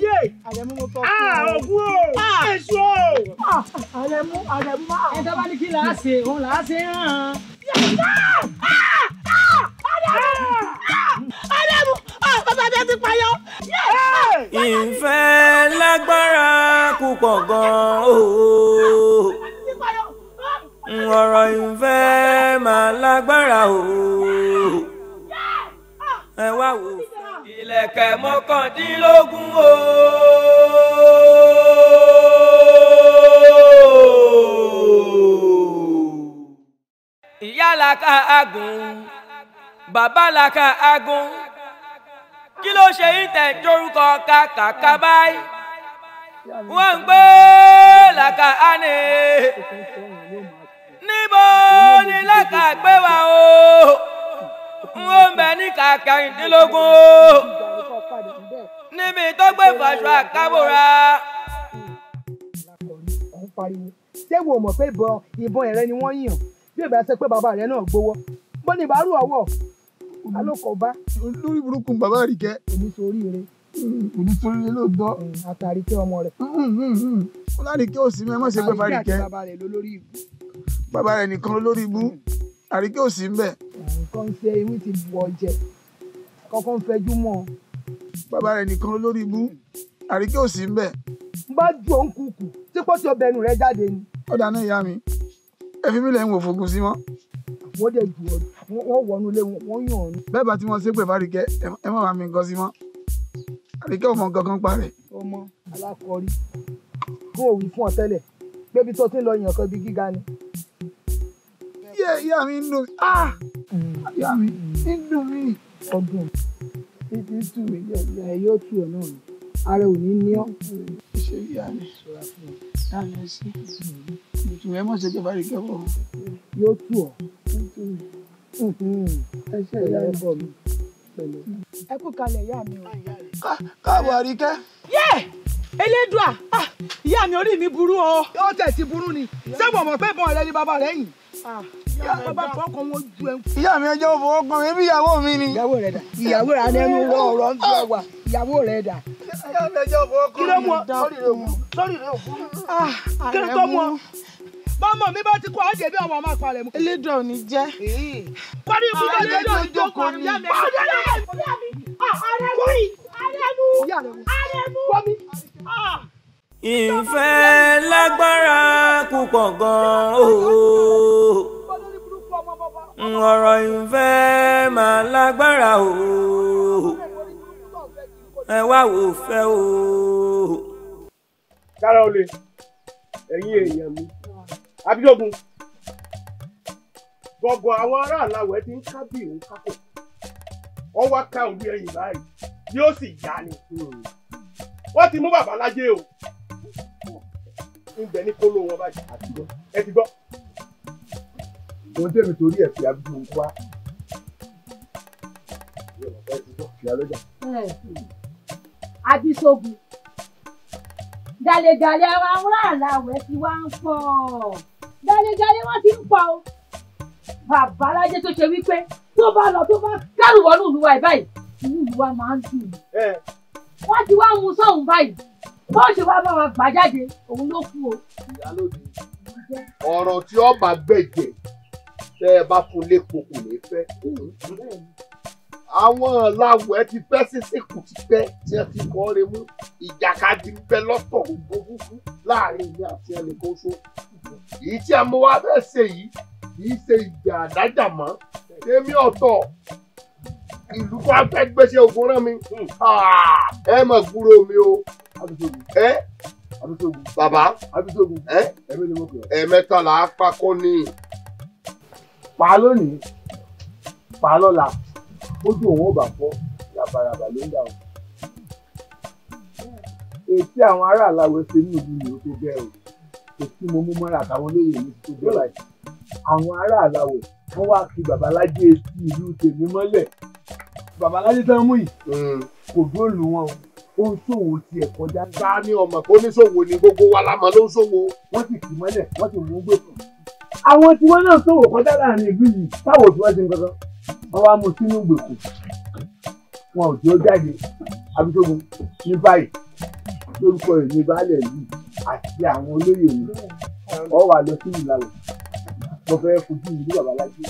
díẹ̀. àrẹ̀mú mo fọ fún ọ. Ah, ògùn o ah! èso o. Ah! àrẹ̀mú ìfẹ́ lágbára púpọ̀ gan-an o. ọ̀rọ̀ ìfẹ́ máa lágbára o. ẹ wá wò ìlẹ̀kẹ̀ mọ́kàndínlógún o. ìyá la agùn bàbá la agùn kí ló ṣe yín jórúkọ kàkàkà báyìí wọ́n ń gbé làkà ánì níbo ni làkà gbé wa o n ó ń bẹ ní kàkàrìndínlógún níbi tó gbé fàṣọ àkábòrà. ṣé wo mọ̀ pé ìbọn ìbọn ẹ̀rẹ́ ni wọ́n yàn bí ìbá ṣe pé bàbá rẹ̀ náà gbowó bó ni ìbárù ọwọ́ alókọ̀ bá. olórí burúkú bàbá Àríkẹ́. oníṣoríire hmm, olùfúnni ló dán. Hmm, àtàrí kí ọmọ rẹ. Hmm, ó lárí kí ó sì mẹ́mọ́ ṣe pé bàbá rẹ̀ kẹ́. bàbá rẹ̀ nìkan lórí ibú àríkẹ́ ò sí ń bẹ̀. nǹkan ń ṣe imú ti bu ọjẹ kọ́kọ́ ń fẹjú mọ́ ọ. bàbá rẹ̀ nìkan lórí ibú àríkẹ́ ò sí ń bẹ̀. n bá ju òun kùkù tí pọ́sí ọbẹ̀ ẹnu rẹ̀ jáde ni. ó dáná ìyá mi ẹ fi mí lẹ́yìn wò fògùn sí mọ́. wọ́n dẹ̀ jù ọ́ wọ́n wọnú ilé wọn yàn ọ́. bẹ́ẹ̀ bá tí wọ́n ṣépè fáríkẹ́ ẹ má bàa mi nǹkan sí mọ́ àríkẹ́ ò mọ nǹkan kan pa ọmọ alákọ̀ọ́rí fún òwì fún ọ̀tẹ́lẹ̀ pé ibi tó ti ń lọ yàn kan ibi gíga ni díẹ̀ ìyá mi ń dùn mí ah ìyá mi ń dùn mí. ọdún títí tù mí jẹ ẹ yóò tù ọ náà ni ara ò ní ní ọ. ṣé ìyá mi ṣọra fún ọ dáná sí ìtumọ̀ ẹ mọ̀ ṣe jẹ́ báyìí kẹ́kọ̀ọ́. yóò tù ọ ẹ ṣe ìyá ẹ bọ̀ mi pẹ̀lú. ẹ kú kalẹ̀ ìyá mi o. káàbọ̀ àríkẹ́. yé elédùà ah! ìyá mi orí mi burú o. ó tẹ̀ ti burú ni ṣé mo mọ̀ pé bọ́n rẹ ni bàbá rẹ yìn. Ah! ìyá mi ọjọ́ fọwọ́ kan mi bí ìyàwó mi ni. ìyàwó rẹ dà ìyàwó rẹ adé ń wọ ọ̀rọ̀ ń fi ọgbà ìyàwó rẹ dà. ìyá mi ọjọ́ fọwọ́ kan mi ni. sọ́rí rẹ̀ wò sọ́rí ah, rẹ̀ wò. kí ló tó mú ọ mi bá ti kọ́ ọ́ dèbí ọmọ ọmọ àpàlẹ̀ mú. elédò ò ní jẹ́. parí ikú bá lédò ìjókòó ni. ọ̀dọ́ ní ọ̀dọ́ mi ah, àrẹ̀mú àrẹ̀mú àrẹ̀mú. Ah. ìfẹ́ lágbára púpọ̀ gan-an ọ̀rọ̀ ìfẹ́ máa lágbára o ẹ wá wò fẹ́ o. dára olè ẹ̀yin èèyàn mi abídógun gbọ̀ngàn àwọn aráàlú àwẹ̀ ti ń kábì òun kákò wọ́n wá ká òbí ẹ̀yìn báyìí yóò sì yá ni wọ́n ti mú bàbá lájẹ́ o ń bẹ ní kóló wọn báyìí ẹ ti gbọ́ ohun tẹ̀mí torí ẹ̀ fi abidjan ń wá abisogun gàlégàlé ara wúràlà wẹ̀ tí wá ń pọ̀ gàlégàlé wọ́n ti ń pọ̀ o bàbá alájẹ tó ṣe wípé tó bá lọ tó bá kẹrù wọnú ìlúwa ẹ báyìí inú ìlúwa máa ń dùn wọ́n ti wá mú sóhun báyìí bó ṣe wá bá wa gbà jáde òun ló kú o. ọ̀rọ̀ tí ọba gbẹ̀jẹ̀ tẹ́ ẹ bá fún lépo kò ní fẹ́. àwọn làwọ̀ ẹ ti pẹ́ sísè kù ti pẹ́ tí ẹ ti kọ́ re mú ìjàkadì pẹ́ lọ́tọ̀ gbogbo láàrin ìyá àti ẹnìkan ṣo. èyí tí a mú wá bẹ́ẹ̀ ṣe yìí kì í ṣe ìjà àdájà mọ́ tèmi ọ̀tọ̀ ìlú tó a fẹ́ gbéṣẹ́ ògùn rán mi ẹ mọ̀ gbúrò mi o ẹ bàbá ẹ̀mẹ́tàlá apákọ́ ni pa á lónìí pa á lọ́la ojú òun ò bá fọ́ làbàràbà ló ń dà o. ètí àwọn ará aláwọ̀ ṣe ní ìlú yìí ó tó bẹ́ẹ̀ o ètí mo mú mọ́ra àtàwọn olóyè mi ti tó bẹ́ẹ̀ báyìí. àwọn ará aláwọ̀ wọ́n wá fi babalájé etí ìlú tèmi mọ́lẹ̀ babalájé tán mú yìí hmm. kò dúró wọn o ó ń ṣòwò tiẹ̀ kọjá. ta ni ọmọ oníṣòwò ni gbogbo wa la ló ń ṣòwò. wọ́n sì kì mọ́lẹ̀ wọ́n sì mú gbèsè àwọn tí wọ́n náà sọ̀rọ̀ kọjá láàrin ìlú yìí táwọn tí wọ́n ti ń gbọ́dọ̀ wọ́n wá mú sínú gbèkú wọn ò tí ó jáde abíṣogun ní báyìí lórúkọ ìní baálẹ̀ yìí àti àwọn olóyè mi ọ wà lọ sí ìlàwọ̀ mo fẹ́ fojú ìlú babaláṣẹ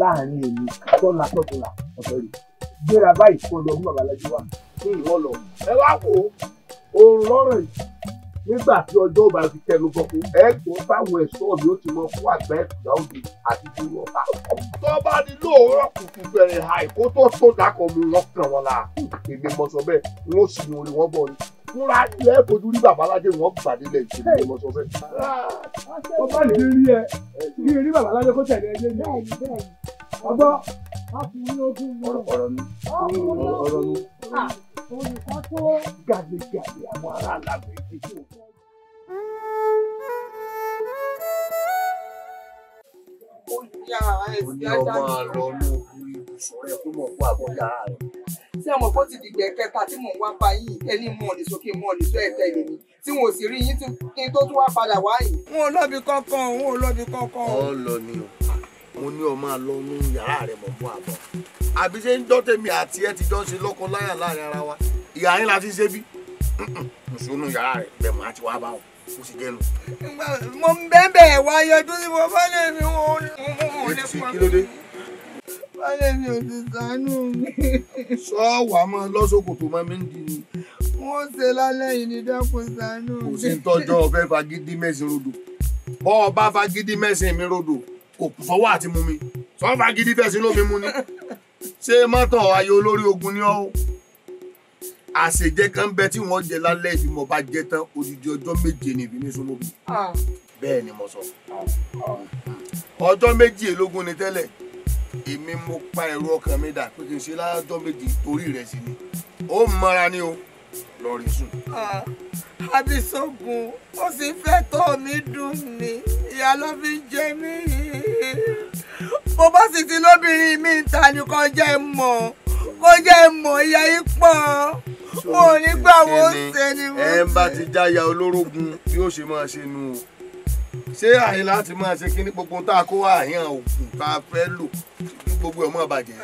láàrin èmi tọ́lá tọ́tọ́lá ọ̀fẹ́ rẹ̀ gbéra báyìí kọ́ lọ mú babaláṣẹ wà fún ìwọ́lọ̀ ẹ wá wò ó òun nígbà tí ọjọ́ bá fi tẹnu bọ̀kú ẹ̀gbọ́n báwọn ẹ̀ṣọ́ mi ó ti mọ fún àgbà ẹ̀kúta òde àti dúró ọba. tó bá ní lóòrọ̀ kùkù bẹ̀rẹ̀ àìkótó tó dákọ̀ mu lọ́kàn wọn la èmi mọ̀ sọ bẹ́ẹ̀ wọ́n sì mú orí wọn bọ̀ ni fúnra jẹ́ fojú rí bàbá wọn pàdé lẹ̀ ìṣèlú ọmọ sọ bẹ́ẹ̀. ọba lè rí ẹ kí rí bàbá kó tẹ̀lé ẹjẹ́ ní ọgbọ́ ọ̀rọ̀ nu ọ̀rọ̀ nu. olùkọ́ tó gàdégàdé àwọn ará làbẹ̀ ìdíje òkú. ó ní ọmọ àlọ́ ló kú ìbùsùn rẹ̀ kó mọ̀ fún àbọ̀dá rẹ̀ ṣé ọmọ kó ti dìgbẹ́ kẹta tí mò ń wá pa yìí ẹni mú ọ̀nì sókè mú ọ̀nì tó ẹ̀tẹ̀ lèmi tí wọn ò sì rí yín kí n tó tún wá padà wá yìí. wọn ò lọ́bi kankan wọn ò lọ́bi kankan. ọ lọ ni o mo ní ọmọ àlọ ní yàrá rẹ mọ̀ mọ́ àbọ̀ àbí ṣé ń dọ́ tèmi àti ẹ ti jọ ń ṣe lọ́kọ láyà láàrin ara wa ìyá yín la ti ṣe bí mùsùlùmí yàrá rẹ bẹ̀ mọ́ àti wàá bá wọn kó sì jẹ́nu. mo ń bẹ́ẹ̀ bẹ́ẹ̀ wá yọjú sí mo bá lè mi wọn ò ní fún ọ. kí ló dé Bálẹ̀ mi ò ti sànú mi. Sọ wàá máa lọ́sọ̀kòtò máa mi ń di ni. Wọ́n ṣe lálẹ́ yìí ni dákun sànú mi. Kò sí tọ́jọ́ ọ̀fẹ́ fagídí mẹ́sìn rodò. Bọ́ ọba fagídí mẹ́sìn mi rodò, kò kù sọ́wọ́ àti mú mi. Sọ fagídí fẹ̀sìn lómi mú ni. Ṣé mọ́tò ayé olórí ogun ni ọ́ o? Àṣejẹ kan bẹ tí wọ́n jẹ lálẹ́ yìí mo bá jẹ tán odidi ọjọ́ méje ni ìbí mi sún Bẹ́ẹ̀ ni mo sọ. Ọjọ́ méjìlélógún ni tẹ́lẹ̀ èmi mo pa ẹ̀rọ ọkàn mi dà pé kì í ṣe lájọ́ méjì torí rẹ̀ sí ni ó mọ́ra ni o lọ rí sùn. àbísọ̀gùn ó sì fẹ́ tọ́ mi dùn ni ìyá ló fi jẹ mí bó bá sì ti lóbìnrin mi ta ni kò jẹ́ mọ̀ kò jẹ́ mọ̀ ìyá yìí pọ̀ wọn ò ní gbà wọ́n ṣe ni wọ́n ṣe. ẹ ń bá ti jáya olórogún bí ó ṣe máa ṣe nù o ṣé àyìn láti máa ṣe kí ní gbogbo tá a kó àyàn òògùn tá a fẹ́ lò kí gbogbo ẹ̀ mọ́ bàjẹ́.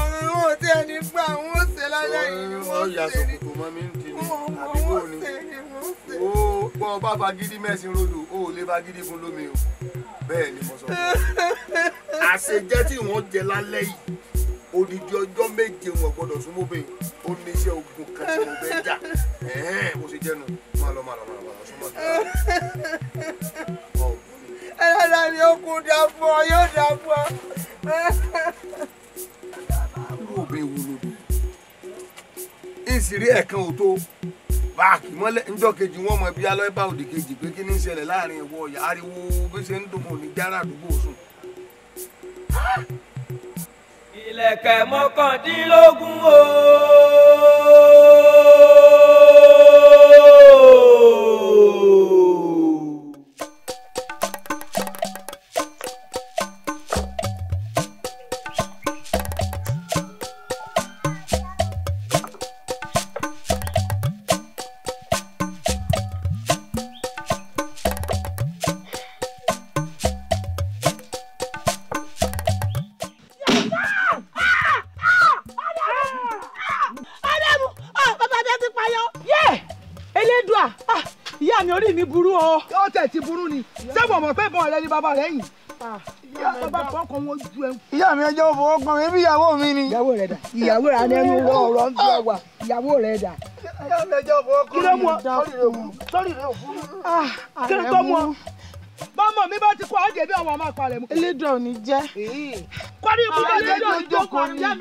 ọmọ mi ò tí ẹni gbọ́ àwọn òsè lálẹ́ yìí ni wọ́n ṣe ni wọ́n ṣe ni wọ́n ṣe. ó bọ́ ọba fagídí mẹ́sìn rodò ó lè fagídí fún lómi o bẹ́ẹ̀ ni mo sọ. <laughs> àṣejẹ́ tí wọ́n jẹ lálẹ́ yìí odidi ọjọ́ méje wọn gbọ́dọ̀ súnmọ́ bẹ́ẹ̀ ó ní iṣẹ́ ogun kan tí mo fẹ́ jà ẹ̀hẹ́n mo ṣe jẹ́nu máa lọ máa lọ máa lọ máa súnmọ́ kí ẹ lọ́la ni ó kú dá fún ọ yóò dá fún ọ. wọ́n bẹ wo lóde ìsìrí ẹ̀kan ò tó báàkì mọ́lẹ̀ ńjọ́ kejì wọ́n mọ̀ bí alọ́ bá òdì kejì pé kí ní í ṣẹlẹ̀ láàrin ìwọ ọ̀yà ariwo bí ṣe ń dùn mọ́ ní jára àdúgbò sùn ìlẹ̀kẹ̀ mọ́kàndínlógún o. Oh. ni bàbá rẹ̀ yìí ìyá mi ẹjọ́ fọwọ́ mi bí ìyàwó mi ni. ìyàwó rẹ dà ìyàwó rẹ anẹ́nu wọ ọ̀rọ̀ ń bí ọwà ìyàwó rẹ dà. ìyá mi ẹjọ́ fọwọ́ kan mi ní sọ́ọ̀rì rẹ òfurufú. sọ́ọ̀rì rẹ òfurufú. Ah, kí ló tọ́ mọ́ bọ́mọ̀ mi bá ti kọ́ ọ́ débi àwọn ọmọ àpàlẹ̀ mu. elédò ò jẹ́. kọ́ni ikú bá elédò ò jókòó ní. ọ̀dọ́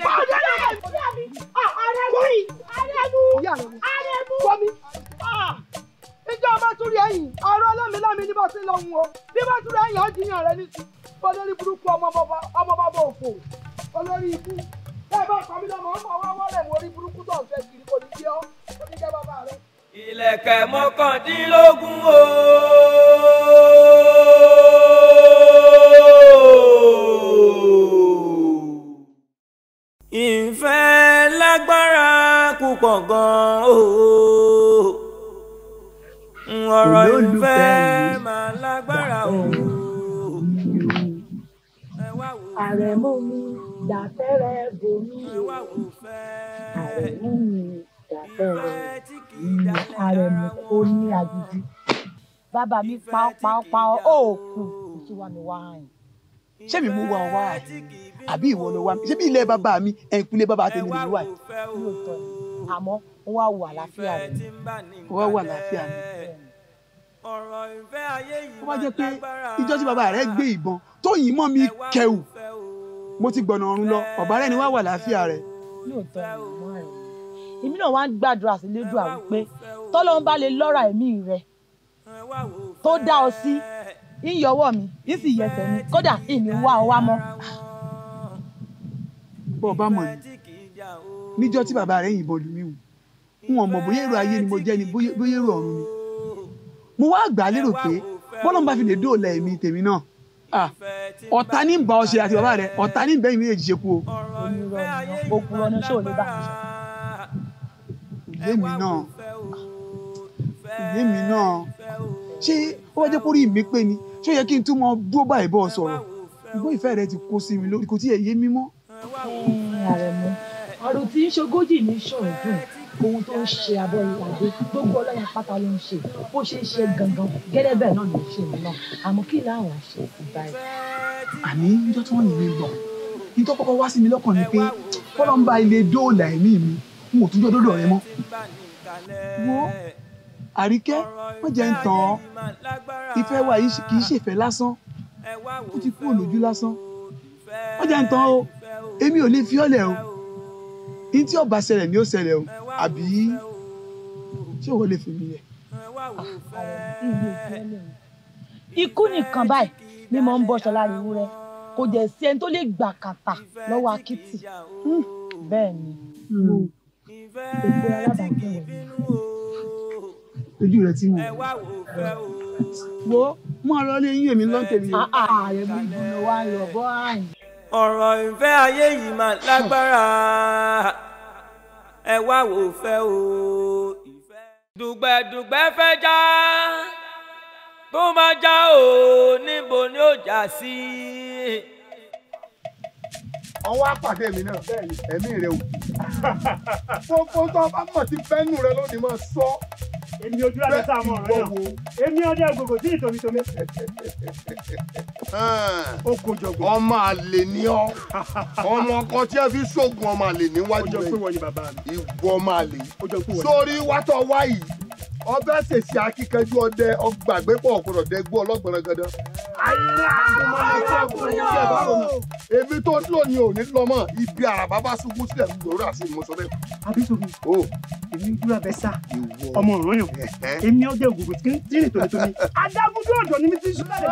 ah, mi ìjọ ọba tún rí ẹ̀yìn ọ̀rọ̀ ọlọmìlọmì ní bó ti lọ hun o bí bó tún rí ẹ̀yìn ó jiyàn rẹ ní sùn olórí burúkú ọmọ bàbá òfò olórí ikú ẹ bá pàmí lọmọ ọmọ wa wọlé mọ orí burúkú tó ń kiri kò ní jẹ ọ kò ní jẹ bàbá rẹ. ìlẹ̀kẹ̀ mọ́kàndínlógún o. ìfẹ́ lágbára púpọ̀ gan-an o ọ̀rọ̀ ìfẹ́ máa lágbára o. àrẹ̀mọ mi dàfẹ́rẹ́ bomi o. àrẹ̀mọ mi dàfẹ́rẹ́ àrẹ̀mọ ó ní agídí. bàbá mi pàó pàó pàó ó kù kí wàá wá àyìn. ṣé mi mú wa wá àbí ìwọ ló wá mi ṣé bí ilé bàbá mi ẹ̀kúlé bàbá tèmi nìyí yìí àmọ́ wọ́n wá wà láfíà mi wọ́n wà láfíà mi. ó bá jẹ́ pé ìjọ tí bàbá rẹ̀ gbé ìbọn tó yìn mọ́ mi kẹ̀wù mo ti gbọ̀nà ọ̀run lọ ọ̀bá rẹ̀ ni wá wà láfíà rẹ̀. lóòótọ́ ìmọ̀ rẹ̀ èmi náà wá ń gbàdúrà sí lédùn àwọn pé bá lè lọ́ra ẹ̀mí rẹ̀ tó dá ọ sí ìyọwọ́ mi ìsì yẹsẹ̀ mi kódà ìní wá ọ wá mọ́. bọ́ọ̀ bá mọ̀ ni níjọ́ tí bàbá rẹ̀ yìnbọn lù mí o n ò mọ̀ bóyá èrò ayé ni mo jẹ́ ni bóyá èrò ọ̀run ni mo wá gbà lérò pé bọ́lọ́mù bá fi lè dóòlà ẹ̀mí tèmi náà ọ̀tá ní bá ọ ṣe àti bàbá rẹ̀ ọ̀tá ní bẹ́ẹ̀ méjèèjì ṣe kú o. ogun ọ̀nà ṣé ò lè bá ìyé mi náà ìyé mi náà ṣé ó bá jẹ́ kó rí mi pé ni ṣé ó yẹ kí n tún mọ dúró báyìí bọ́ ọ sọ̀rọ̀ ìgbó ìfẹ́ rẹ ti kó sí mi lórí kò tí ì yé mi mọ́. ọ̀rẹ́ mi àrùn tí ń ṣogójì ní ṣọ̀ọ́dún ohun tó ń ṣe abọ́ ìlàdé gbogbo ọlọ́yà pátá ló ń ṣe bó ṣe ń ṣe gangan gẹ́gẹ́ bẹ́ẹ̀ náà ló ń ṣe mí náà àmọ́ kí làwọn ṣe kú báyìí. àní níjọ́ tí wọ́n ní mi gbọ̀n nítorí kọ́kọ́ wá sí mi lọ́kàn ni pé kọ́lọ́mbà ilé dóòlà ẹ̀mí mi n ò tún jọ rẹ mọ́. wo àríkẹ́ wọ́n jẹ́ ń tàn ọ́ ìfẹ́ wa kì í ṣèfẹ́ lásán ó ti kúrò lójú lásán wọ́n jẹ́ ń tàn ọ́ ní tí ó bá ṣẹlẹ̀ ni o àbí tí òun lè fi mí yẹ. Ah, ikú nìkan báyìí ni mo ń bọ́ ṣọlá ìwú rẹ kò jẹ́ sí ẹni tó lè gbà kàtà lọ́wọ́ akitì hmm, bẹ́ẹ̀ ni gbogbo alábàákẹ́ rẹ̀ ojú rẹ ti wò wo mo lọ lé yín èmi lọ́tẹ̀lẹ̀. ààrẹ mi gbọ́dọ̀ wá yọ̀ bọ́ àyìn ọ̀rọ̀ ìfẹ́ ayé yìí mà lágbára ẹ wá wò fẹ́ o. dùgbẹ̀dùgbẹ̀ fẹ́ já bó máa já o níbo ni ó já sí. wọ́n wá pàdé mi náà bẹ́ẹ̀ ni ẹ̀mí rẹ̀ <laughs> o. fọ́nfọ́n tó bá mọ̀ sí fẹ́nu rẹ lónìí máa sọ èmi ojú rẹ̀ sá mọ̀ ọ̀rọ̀ náà èmi ọdẹ gbogbo tí ìtòmítòmí. Ah. ó kojọ gbogbo. ọmọ àlè ni ọ <laughs> ọmọ ọkọ tí a fi ṣoògùn ọmọ àlè níwájú rẹ ìwọ ọmọ àlè sórí wátọ̀ wáyì ọbẹ̀ ṣèṣe akíkanjú ọdẹ ọgbàgbẹ́pọ̀ ọ̀kọ̀rọ̀ dẹ́gbọ́ ọlọ́gbọ̀nrán gandan. èmi tó dúró ni ò ní lọ mọ ibi àràbá bá ṣubú sílẹ̀ gbòòrò àti ìmọ̀sọ́bẹ̀. àbísọ̀rọ̀ èmi ń gbúra bẹ́sà ọmọ òrùn o èmi ọdẹ ògùnkù tí ń tìrì tòmítòmí adágúndú ọ̀dọ̀ ni mi ti sún lálẹ́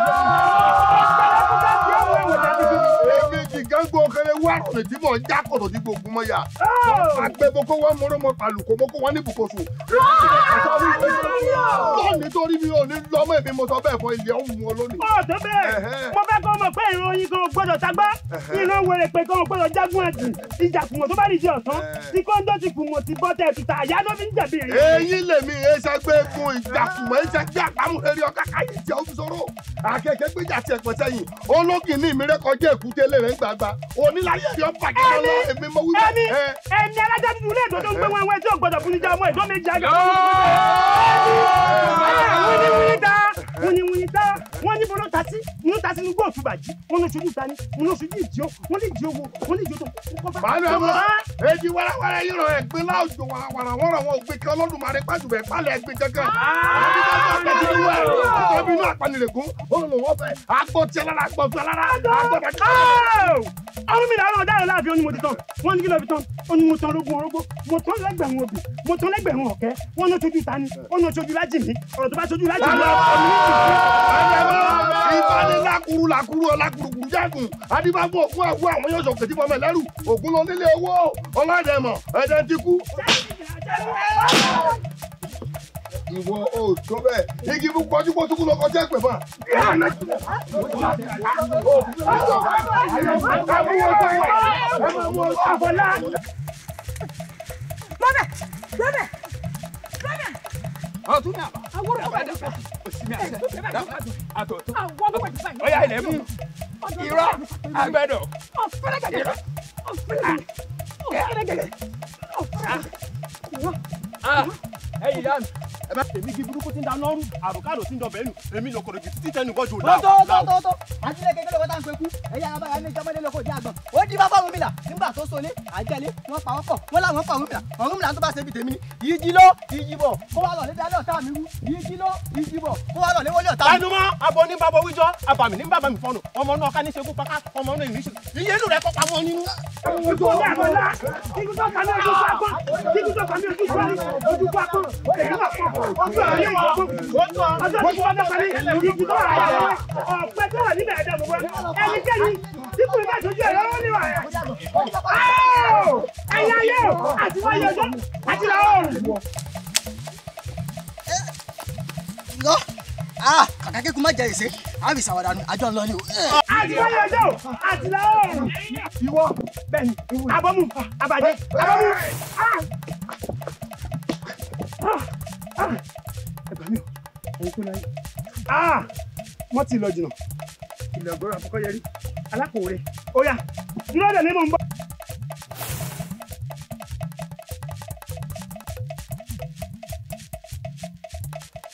èmi jìgángó kẹlẹ wá ọ̀nà tí mò ń já kọ̀dọ̀ tí gbogbo mọ̀ yá agbẹ́bọ̀kọ̀ wọn mọ̀rọ̀ mọ̀ pàlùkò mọ̀kọ̀ wọn ní ibùkọ̀sù nítorí mi ò ní lọ́mọ èmi mo sọ bẹ́ẹ̀ fọ ilé ọ̀hún wọn lónìí. ọ̀ tó mo fẹ́ sẹ́gbẹ́ egun ìgbàkùmọ̀ ń sẹ́gbẹ́ àpamọ́ eré ọ̀ká káyé tí a ó fi sọ̀rọ̀ àkẹ́kẹ́ ẹ̀pẹ́ sẹ́yìn ológin ní ìmírẹ́ kọjá èkúté lè rẹ̀ ń gbàgbà oníláyé rí ọ̀pá kẹ́kẹ́ èmi mo wí ẹni ẹni alájà tuntun ilé ìdodo ń gbé wọn wẹ́ tí ò gbọdọ̀ fún ìjà ọmọ ìdó méjì àgbẹ̀ wọ́n ní wọ́n ní dá wọ́n ní bọ́lọ́ tasí wọ́n tasí ní gbọ́ òtúbà wọ́n ní oṣoojú ìtaní wọ́n ní oṣoojú ìjọ wọ́n ní ìjọ owó wọ́n ní ìjọ tó kọ́ bá. báyọ̀ ẹ̀ mọ̀ èjì warawara yìí rọ̀ ẹ̀ pé láwùjọ warawara wọ́n rọ̀ wọn ò gbé kí Olódùmarè pàjùbẹ̀ pálẹ̀ ẹ̀gbin kankan. Ah! àbí tó bá fẹ́ ti tí alára àgbọ̀ fún alára ọ̀run mi làárọ̀ ọ̀daràn láàfin ó ti tán wọ́n ní kí lọ́ọ́ fi tán ó tán ológun orógbó mo tán lẹ́gbẹ̀rún obì mo tán lẹ́gbẹ̀rún ọ̀kẹ́ wọ́n ná sojú ta ni ó ná sojú lájì mi ọ̀rọ̀ tó bá sojú lájì mi. ìbáni lakuru lakuru ọlákurukuru jágùn adibagbọ fún àwọn àwọn yóò sọ kẹtí fọmọ ẹlẹrú ògún lọ nílé owó ọlọ́dẹ̀mọ̀ ẹ̀dẹ̀ ti kú ìwọ o tó bẹ́ẹ̀ igi mú kọjú kó tún kú lọ kọjá ẹ̀pẹ̀ fún wa. lọ́bẹ̀ lọ́bẹ̀ ọ tún ní àbá. àwọn ọmọ bàdé agbẹ́dọ̀ ẹ̀yin ìyá mi ẹ bá èmi gí burúkú tí ń da lọ́rùn àròkàrò tí ń dọ̀bẹ̀ nù èmi lọ kọ̀rọ̀ títí tẹnu bọ́jú òdà. tó tó tó tó àtúndé kékeré wọn tá à ń pe kú ẹ̀yà ara báyà ní jọmọdé lóko jẹ́ àgbọ̀n ó di bá fọ́ọ̀rùn mìlà nígbà tó solé àjẹlé wọn pa ọkọ̀ wọn làwọn pa ọ̀rùn mìlà ọ̀rùn mìlà tó bá ṣe ibi tèmi ni ìjì lọ ìjì bọ̀ kó wà lọ̀lẹ́ dálẹ́ ọ̀tá mi wú ìjì lọ ìjì bọ̀ kó wà lọ̀lẹ́ wọlé ọ̀tá mi. lẹnu mọ ní bàbá wíjọ abàmì ní bàbá mi fọnù ọmọ náà ká ní ṣekú pàkà ọmọ náà ìlú ìṣèlú iye inú rẹ kọ pamọ́ nínú. ojú ọ̀la àgbọ̀lá kíkú tó ojú pápá kíkú tó ojú pápá ojú pápá ọjọ́ ayé wa ọjọ́ tí wọ́n dọ́kọ̀ àjọ ńlọ ni o. àti wáyé ọjọ́ àti làwọn òòrùn. ìwọ bẹ́ẹ̀ni abọ́mú abàjẹ́ abọ́mú. Ah, ẹ̀gbọ́n mi ẹ̀yin tó láyé wọ́n ti lọ jìnnà ìlẹ̀ ọ̀gbọ́n àkọ́kọ́ yẹrí alákòwé ó yá dúró dẹ̀ ní mò ń bọ̀.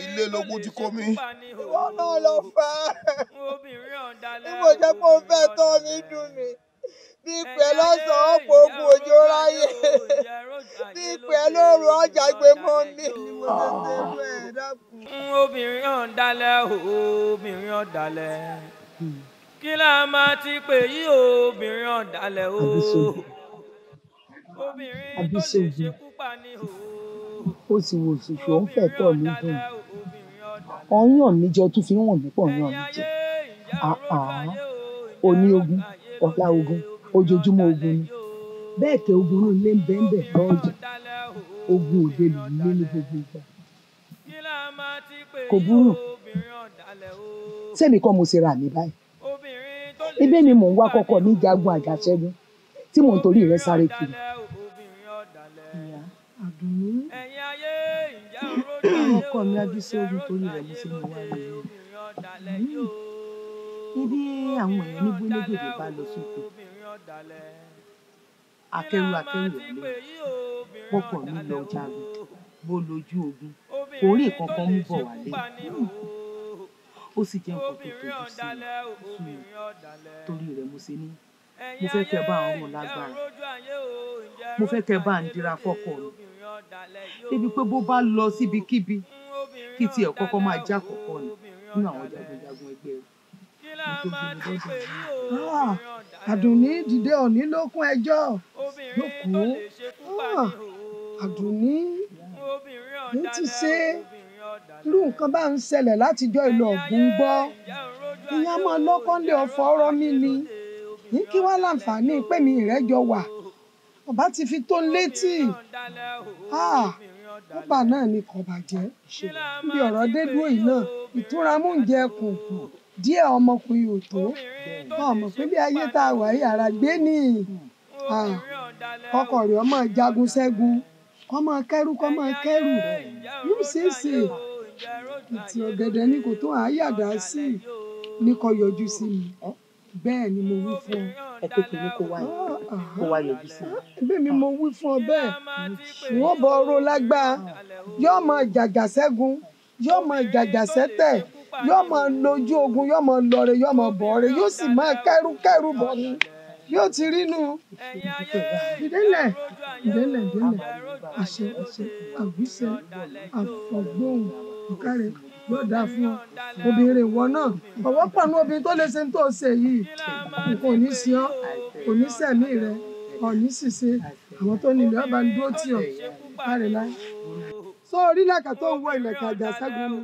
ilé lógún tí kò mí. ìwọ náà ló fẹ́. ìwọ jẹ́ pé ó fẹ́ tọ́ mi dùn mí bí pẹ́ lọ́sàn-án ọ̀pọ̀ ogun òjò ráyè bí pẹ́ lóru ọjà gbé mọ́ mi. obìnrin ọ̀dàlẹ̀ obìnrin ọ̀dàlẹ̀ kí la máa ti pè yí obìnrin ọ̀dàlẹ̀ o obìnrin tó lè ṣekú pa ni o ó ti wò ṣùṣù ó ń fẹ̀ tọ̀ lódùn ọyàn níjọ tún fi ń wọ̀n nípò ọyàn níjẹ òní ogun ọ̀la ogun ojoojúmọ́ ogun ni bẹ́ẹ̀ tẹ ogun náà lé bẹ́ẹ̀ lọ́ọ̀jà ogun òde ló ń lé ní gbogbo ìgbà kò burú sẹ́mi kọ́ mo ṣe ra mi báyìí ibẹ̀ ni mò ń wá kọ́kọ́ ní jagun àjàṣẹ́gun tí mò ń torí rẹ̀ sáré kiri ọkọ mi Abísórí torí rẹ̀ mo ṣe mú wá rẹ hmm. níbi àwọn èèyàn ní gbólógbòdò bá lọ sóko akẹ́rù akẹ́rù rẹ̀ lọ pọkọ mi lọ jagun bó lójú ogun kò rí nǹkan kan mú bọ̀ wálé hmm. ó sì jẹ́ nǹkan tó tójú sí i hmm. torí rẹ̀ mo ṣe ní mo fẹ́ kẹ́ bá àwọn ọmọ lágbára mo fẹ́ kẹ́ bá ń dira fọ́kọ mi débi pé bó bá lọ síbikíbi kí tiẹ̀ kọ́kọ́ máa já kọ̀kọ́ ni nínú àwọn jagunjagun ẹgbẹ́ rẹ̀ ah, àdùnní dìde òní lókun ẹjọ́ lókùú ah, àdùnní ní ti ṣe irú nǹkan bá ń ṣẹlẹ̀ látijọ́ ìlú ọ̀gbun gbọ́ ìyá máa lọ́kànlé ọ̀fọ̀ ọ̀rọ̀ mi ni ní kí wá láǹfààní pèmí rẹ̀ jọ wà ọba ti fi tó létí ọba náà ni kò bàjẹ́ bí ọ̀rọ̀ dédú èyí náà ìtura mú ń jẹ kùn kùn díẹ̀ ọmọkùnrin ò tó ọmọ pé bí ayé tá a wà yìí ara gbé ní ọkọ rẹ̀ ọmọ jagun ṣẹ́gun kọ́mọ kẹ́rù kọ́mọ kẹ́rù yóò ṣèṣe ìtì ọ̀gẹ̀dẹ̀ ni kò tó àáyàdá sí ni kò yọjú sí mi bẹ́ẹ̀ ni mo wí fún ọ. ẹ pé kí ni kó wá yìí kó wá yọjú sí i. Ah, bẹ́ẹ̀ni mo wí fún ọ bẹ́ẹ̀ wọ́n bọ oró lágbára yóò máa jàjà sẹ́gun yóò máa jàjà sẹ́tẹ̀ yóò máa lójú ogun yóò máa lọre yóò máa bọ̀ọ́re yóò sì máa kẹ́rù kẹ́rù bọ̀ ni yóò ti rí nu. ìdílé ìdílé ìdílé àṣẹ àṣẹ àgbísẹ àfọgbóhùn ọ̀kárẹ̀ yóò dáa fún ọ obìnrin ìwọ náà ọwọ́ pọ̀nú obìnrin tó lè ṣe ń tó ṣe yìí kò ní sí ọ kò ní sẹ̀mí rẹ kò ní ṣìṣe àwọn tó nílò ọba ń dúró tì ọ láre láyé. sọ orílẹ̀-èdè tó ń wọ ìlẹ̀kẹ̀ àjàṣẹ́gun ni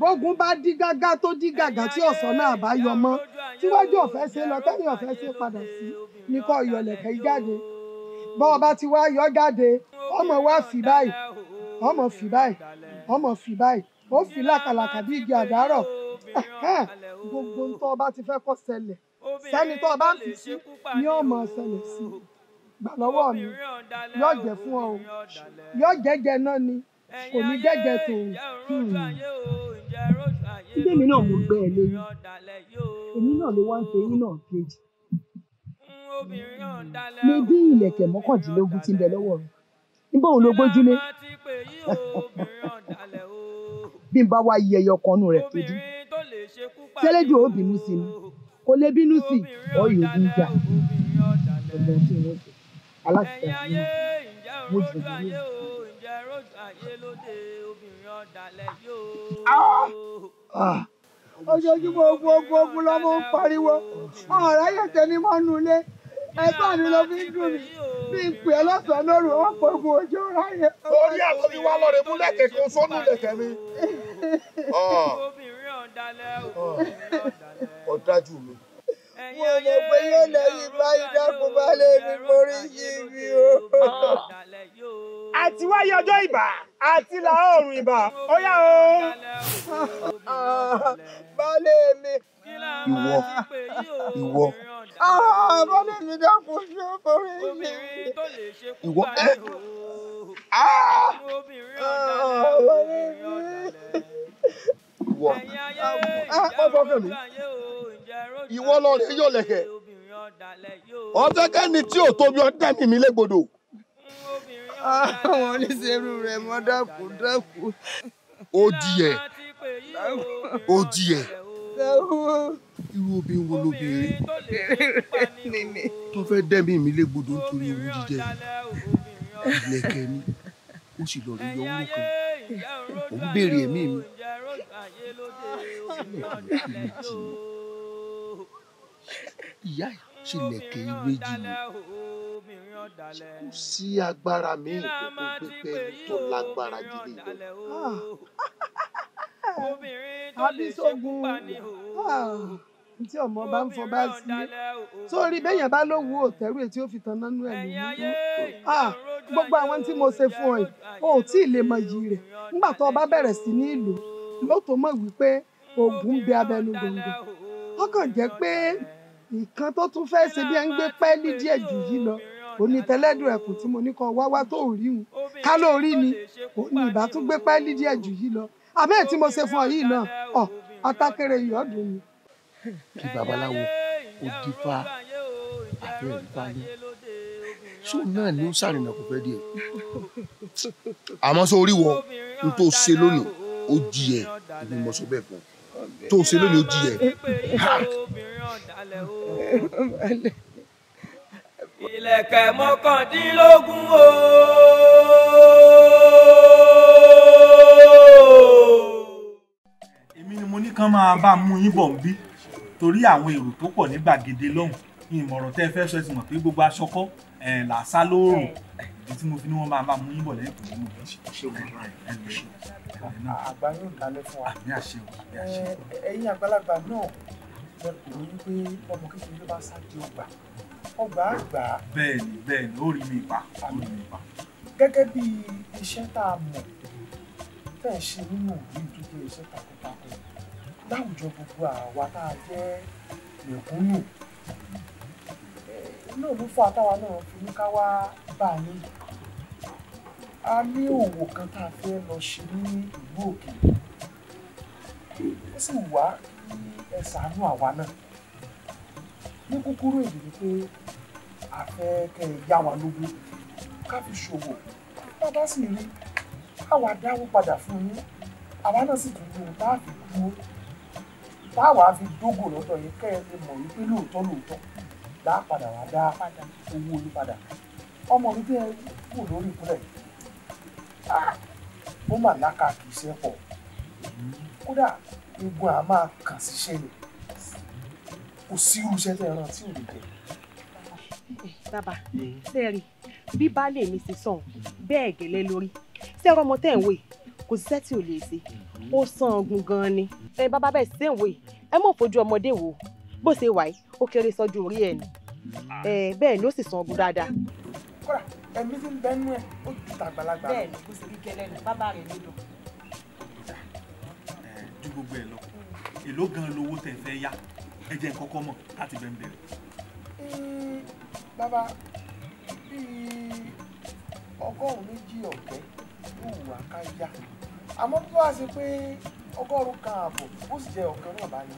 bógun bá dí gágá tó dí gàgà tí ọ̀sán náà bá yọ mọ́ tíwájú ọ̀fẹ́ ṣe lọ tẹ́yìn ọ̀fẹ́ ṣe padà sí ní kó yọ ìlẹ̀kẹ̀ yìí jáde bọ́ ọba ti wá yọ jáde ọmọ wa fi báyìí ọmọ fi báyìí ọmọ fi báyìí ó fi làkàlàkà bí igi àdárọ̀ gbogbo ń tọ́ ọba ti fẹ́ kó ṣẹlẹ̀ sẹ́ni tó ọba ń fi sí ni ó mọ̀ ṣẹlẹ̀ sí i gbà lọ́wọ́ mi yóò jẹ́ fún ọ yóò jẹ́jẹ́ náà ni kò ní jẹ́jẹ́ tòun. Hmm. ilé mi náà mo gbẹ ẹ lórí èmi náà ló wá ń pe yín náà kejì mi dín ìlẹ̀kẹ̀ mọ́kàndínlógún tí bẹ lọ́wọ́ rẹ̀ níbo òun ló gbójúlé. <laughs> bí n bá wá yí ẹyọ kan nù rẹ̀ tó dí ò bínú sí mi kò lè bínú sí ọyọ gíga ọmọ tí wọn aláṣẹ àyè mo jù mí. Ah! Ah! ojoojúmọ́ ogun ogun ogun lọ́mọ ń pariwo ọ̀rẹ́ yẹ̀tẹ̀ ni mọ́nú ilé ẹ̀gbọ́n mi ló fi ń dùn mí bí n pè é lọ́sàn-án lóru wọn kò gun ojú ráyè. lórí àwọn mi wá lọ rẹ mú lẹ́kẹ̀ kan sọ́nù lẹ́kẹ̀ mi. obìnrin ọ̀dàlẹ̀ obìnrin ọ̀dàlẹ̀. ọ̀dájú mi mi ò mọ̀ pé yóò lẹ́yìn báyìí dákun bá lè mi forí yí mi o. àti wáyé ọjọ́ ìbà àti làórùn ìbà ó yá o. baálé mi. ìwọ ìwọ. Ah, baálé mi dákun ṣe forí ah! ah, mi. ìwọ ẹ. mi. ìwọ. ọkọ fẹmi ìwọ lọ rẹ yóò lẹ̀kẹ̀ ọfẹ kẹni tí ò tóbi ọdún tẹmí mi légbodò. àwọn oníṣẹ́rù rẹ̀ mọ́ dákú dákú. ó di ẹ̀ ó di ẹ̀ irú obìnrin wo lóbìnrin tó fẹ́ dẹ́mi mi légbodò nítorí ewu jíjẹ ìlẹ̀kẹ̀ mi ó sì lọ rí owó kan òun béèrè ẹ̀mí mi ìyá ìṣìlẹ̀kẹ̀ ìrèjì ni kò sí agbára míì kókó pípẹ́ tó lágbára gidi lọ. Ah. abisogun ah. tí ọmọ bá ń fọba sílé sórí bẹ́yẹn bá lówó òtẹ́rù ètí ó fi tan nánú ẹ̀ lóyún ah. gbogbo àwọn tí mo ṣe fún ọ yìí o ò tí ì lè mọ iyì nígbà tó o bá sí ní ìlú ló tó wípé oògùn ń bẹ abẹnú gbòǹgbò ó pé nǹkan tó tún fẹ́ ṣe bí ẹ ń gbé pẹ́ẹ́lí díẹ̀ jù yìí lọ onítẹ̀lẹ́dùn ẹ̀kún tí mo ní kan wá wá tó rí hun ká ló rí ni òní ìbá tún gbé pẹ́ẹ́lí díẹ̀ jù yìí lọ àbẹ́ẹ̀ tí mo ṣe fún ọ yìí náà ọ atákéré ìyọ́dún ni. kí babaláwo ó dífá àbẹ́ ìfá ní sóun náà ni ó ṣàrìnà kò fẹ́ díẹ̀ àmọ́ sọ orí wọ n tó ṣe lónìí ó jiyẹ ìbímọ sọ bẹ́ẹ̀ fún tó ṣe lónìí ó jiyẹ balẹ̀ o. ilẹ̀kẹ̀ mọ́kàndínlógún o. èmi ni mo ní kán máa bá mú yín bọ̀ ń bí torí àwọn èrò tó pọ̀ ní gbàgede lọ́hùn ìmọ̀ràn tẹ́ fẹ́ sọ ẹ ti mọ̀ pé gbogbo aṣọ́kọ́ ẹ̀ làásá lóòrùn èyí tí mo fi ní wọ́n máa bá mú yín bọ̀ lẹ́yìn tó mú mi. àgbà yóò dalẹ̀ fún wa. àmì àgbàlagbà náà gbọ́dọ̀ ní pé ọmọ kékeré bá sáré ọgbà ọgbà àgbà. bẹ́ẹ̀ni bẹ́ẹ̀ni ó rí mi pa ó rí mi pa. gẹ́gẹ́ bí iṣẹ́ tá a mọ̀ fẹ́ ṣe nínú ìlú tó jẹ́ iṣẹ́ takuntakun láwùjọ gbogbo àwa tá a jẹ́ mẹ̀kúnnù eh, náà ló fún àtàwa náà fi ní ká wá bá a níyì a ní òwò kan tá a fẹ́ lọ ṣe ní ìlú òkè ó sì wá ẹ ṣàánú àwa náà ní kúkúrú èdè ni pé a fẹ́ kẹ́ ẹ yá wa lówó ká fi ṣòwò bàbá sì rí àwa dáwó padà fún yín àwa náà sì tún lóhun tá a fi dúró táwa fi dógò lọ́dọ̀ yín kẹ́ ẹ lè mọ̀ wípé lóòótọ́ lóòótọ́ dá padà wá dá owó yín padà ọmọ mi bẹ́ẹ̀ wò lórí ìpínlẹ̀ ah, ó mà lákàkì iṣẹ́ pọ̀ kódà gbogbo à máa kàn síṣẹ́ ni kò sí irú iṣẹ́ tẹ́ ẹ rántí ò lè bẹ̀. bàbá sẹ́ẹ̀rì bí baálé mi ti sàn bẹ́ẹ̀ gẹ́lẹ́ lórí sẹ́ẹ̀rọ ọmọ tẹ̀ ń wè kò síṣẹ́ tí ò lè ṣe mhm. ó sàn ọ̀gùn gan-an ni. ẹ bàbá bẹ́ẹ̀ sẹ́ ń wè ẹ mọ̀ fojú ọmọdé wò bó ṣe wà yìí ó kéré sọ́jú orí ẹ̀ ni bẹ́ẹ̀ ni ó sì sàn ọ̀gùn dáadáa. kódà ẹ̀mí ti ń bẹ́nu ẹ̀ ó ti tàgbàlagbà. bẹ́ẹ̀ ni kò sì rí gẹ́lẹ́ bàbá rẹ̀ nílò gbogbo ẹ̀ lọ èló gan lowó tẹ̀ fẹ́ yá ẹ jẹ́ kọ́kọ́ mọ̀ láti bẹ̀ ń bẹ̀rẹ̀. bàbá bíi ọgọ́rùn-ún méjì ọ̀kẹ́ yóò wà ká yá àmọ́ bí wàá ṣe pé ọgọ́rùn-ún kan ààbọ̀ ó sì jẹ́ ọ̀kan náà bá ní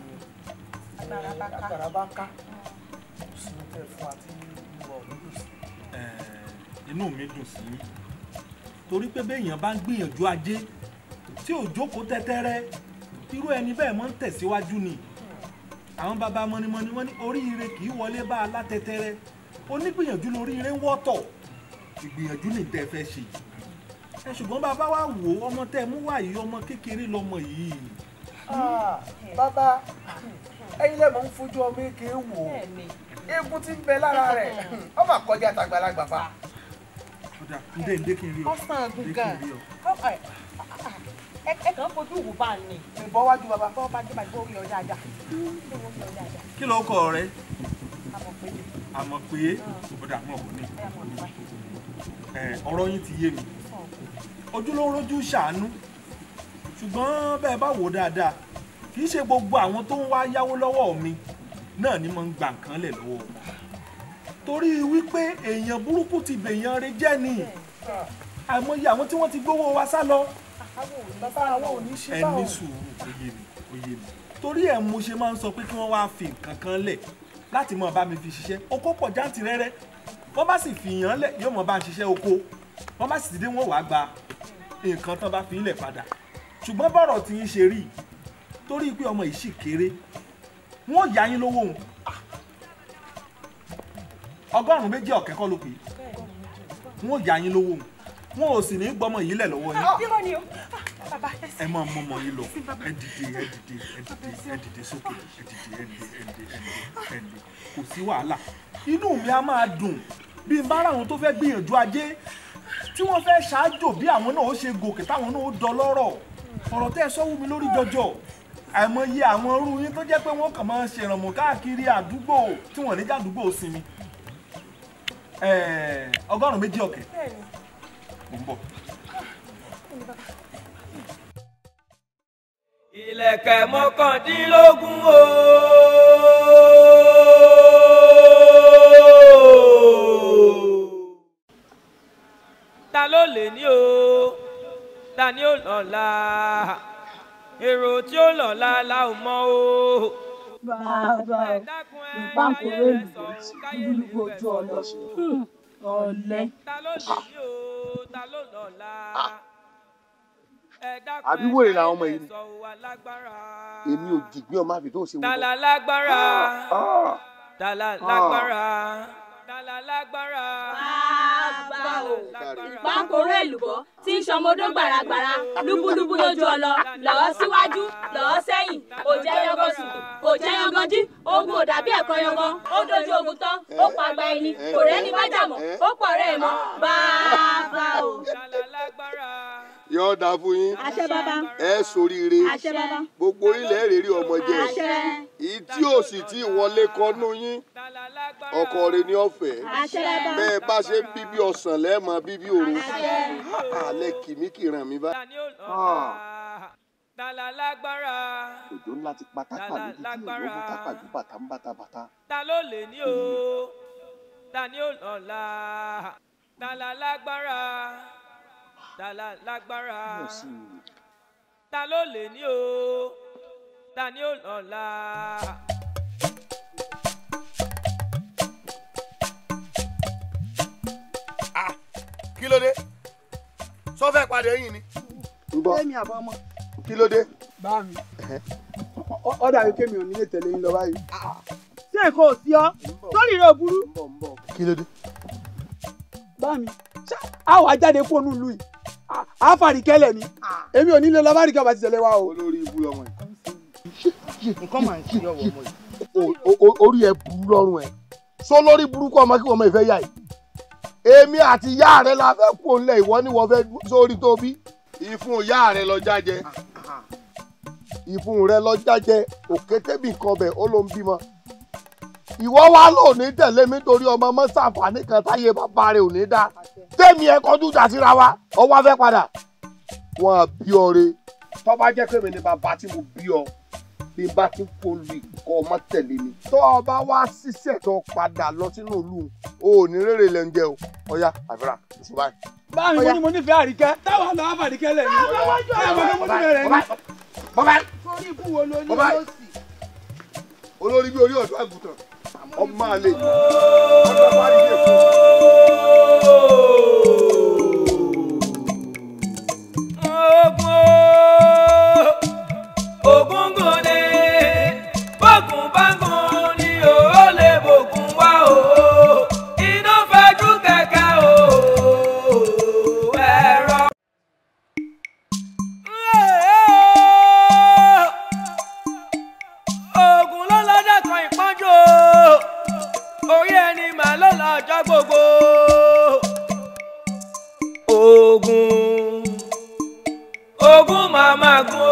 àtàrà bá ká kò sí ní tẹ̀ fún àti ìwà òmùdùn sí. inú mi dùn sí torí pé béèyàn bá ń gbìyànjú ajé tí ò jókòó tẹ́tẹ́rẹ́ irú ẹni bẹ́ẹ̀ mọ́ ń tẹ̀síwájú ni àwọn baba mọ́nimọ́ni wọ́n ní oríire kì í wọlé bá a látẹtẹrẹ onígbìyànjú lóríire ń wọ́tọ̀ ìgbìyànjú ní tẹ́ fẹ́ ṣe ẹ ṣùgbọ́n bàbá wa wò ọmọ tẹ́ mú wá yìí ọmọ kékeré lọmọ yìí. Ah, bàbá ẹ̀yin lẹ mọ̀ ń fojú ọmọ èké wò eégún tí ń bẹ lára rẹ̀ ọmọ àkọjá àtàgbàlagbà fa. ọ̀dà ǹdẹ́ ǹdẹ́ kí n rí ọ ǹdẹ́ kí n rí ọ ẹ kàn fojú wù bá ní. ìbọn wájú bàbá fọwọ́ bá dé bàjẹ́ orí ọjà àjà. kí ló kọ rẹ. àmọ̀ pé ọ̀dà àmọ̀ kò ní. ọ̀rọ̀ yín ti yé mi ojúlórójú ṣàánú ṣùgbọ́n bẹ́ẹ̀ bá wò dáadáa kì í ṣe gbogbo àwọn tó ń wá yáwó lọ́wọ́ mi náà ni mo ń gba nǹkan lẹ̀ lọ́wọ́ wọn torí wípé èèyàn burúkú ti bèèyàn rẹ jẹ́ ni àìmọye àwọn tí wọ́n ti gbówó wa sá lọ ẹ ní sùúrù oyè mi oyè mi torí ẹ̀ mo ṣe máa ń sọ pé kí wọ́n wá fi nǹkan kan lẹ̀ láti mọ̀ bá mi fi ṣiṣẹ́ oko pọ̀ jáǹtì rẹ́rẹ́ wọ́n bá sì fi yàn án lẹ̀ yóò mọ̀ bá ń ṣiṣẹ́ oko wọ́n bá sì ti dé wọ́n wàá gba nǹkan tán bá fi ilẹ̀ padà ṣùgbọ́n bọ́rọ̀ tí yín ṣe rí torí pé ọmọ yìí sì kéré wọ́n yá yín lówó òun ọgọ́rùn-ún méjì ọ̀kẹ́ kọ́ ló pè é wọ́n yá yín lówó òun wọn ò sì ní gbọ́mọ yìí lẹ̀ lọ́wọ́ yín ẹ máa mọ ọmọ yìí lọ ẹ dìde ẹ dìde ẹ dìde ẹ dìde sókè ẹ dìde ẹ dìde ẹ dìde ẹ dìde kò sí wàhálà inú mi á máa dùn bí n bá ra àwọn tó fẹ́ gbìyànjú ajé tí wọ́n fẹ́ ṣáájò bí àwọn náà ó ṣe gòkè táwọn náà ó dọlọ́rọ̀ ọ̀rọ̀ tẹ́ ẹ sọ wú mi lórí jọjọ àìmọye àwọn irú yín tó jẹ́ pé wọ́n kàn máa ń ṣèrànmọ́ káàkiri àdúgbò tí wọ́n ní jàdúgbò sinmi ọgọ́rùn-ún méjì ọ̀kẹ́ mo ń bọ̀. Ah, ìlẹ̀kẹ̀ mọ́kàndínlógún o. ta ló lè ní o ta ni ó lọ́la èrò tí ó lọ́la la ò mọ o. bàbá ìbáǹkórè ìlú gbúgbúgbò ojú ọlọ́sùn hmm, ọ̀lẹ́. ta ló lè ní o ta ló lọ́la àbí wèrè làwọn ọmọ yìí ni èmi ò dìgbé ọmọ àfi tó ah. Ah. ń ṣe wúlò. tala lágbára tala lágbára tala lágbára. bàbá o ìpàkóró èlùbọ́ tí ń ṣọmọdó gbàràgbàrà lúbúlúbú lójú ọlọ lọ́ọ́ síwájú lọ́ọ́ sẹ́yìn kò jẹ́ yọgàn sùn kò jẹ́ yọgàn jí ogun ò dàbí ẹ̀kọ́ yọgàn ó dojú ogun tán ó pa àgbà ẹni kò rẹ́ni bájà mọ́ ó pọ̀ rẹ̀ mọ́ bàbá o. tala yóò dáa fún yín ẹ ṣoríire gbogbo ilẹ̀ rèrè ọmọ jẹ èyí tí ò sì ti wọlé kọnú yín ọkọ rẹ ní ọ̀fẹ́ bẹ́ẹ̀ bá ṣe ń bíbí ọ̀sán lẹẹmọ bíbí òru alẹ́ kìmí kìràn mi bá. Tala lágbára. Òjò ńlá ti pa tápà lójú tí òjò mú tápà ju bàtà ń bàtà bàtà. Ta ló lè ní o? Ta ni ó lọ́la? Tala lágbára ta la lágbára ta ló lè ní o ta ni ó lọ́la. kí ló dé sọ fẹ́ pàdé yìí ni. ǹbọ èmi àbọ̀ ọmọ. kí ló dé. bá mi ọ̀dà yìí kémi ò ní lè tẹ̀lé yín lọ báyìí. ṣé nǹkan ò sí ọ sórí rẹ ò kí ló dé. bá mi ṣá àwọn ajáde fóònù lù yìí àfàríkẹ́lẹ̀ ni ah. èmi ò ní lè lọ bá àríkẹ́ ọba ti tẹ̀lé wa o. olórí ibú lọmọ yìí. nǹkan máa ń ṣe ọwọ́ ọmọ yìí. orí ẹ burú lọ́rùn ẹ sọ lórí burúkú ọmọ kí ọmọ ìfẹ́ yà yìí èmi àti ìyá rẹ la fẹ́ kó lẹ̀ ìwọ ni wọ́n fẹ́ sórí tó bí. ìfun ìyá rẹ lọ jájẹ. Ah, ah. ìfun rẹ lọ jájẹ òkété bí nǹkan bẹ̀ ó ló ń bímọ. ìwọ wá lò ní tẹ̀lé mi torí ọmọ mọ́sàfà nìkan táyé bàbá rẹ ò ní dá tẹ́mi ẹ kọjú ìjà síra wa ọwọ́ afẹ́ padà wọn à bí ọ re tó bá jẹ́ pé mi ni bàbá tí mo bí ọ bí n bá ti kó lu ìkọ́ ọmọ tẹ̀lé mi. tó o bá wá ṣiṣẹ́ tó padà lọ sínú ìlú o ò ní rere lẹ́ ń jẹ o ọ̀ya àfẹ́rà ti báyìí. báwo ni mo ní mo nífẹ̀ẹ́ àríkẹ́ táwọn àlọ́ àfàríkẹ́ lẹ̀ ní. báwo ni mo nífẹ̀ẹ́ rẹ̀ ní. bọ́bá olórí bí orí ọ̀dọ́ àgùntàn ọmọ àlè Oh, oh, oh, fún. ogun. ajá gbogbo ogun ogun màmá gun.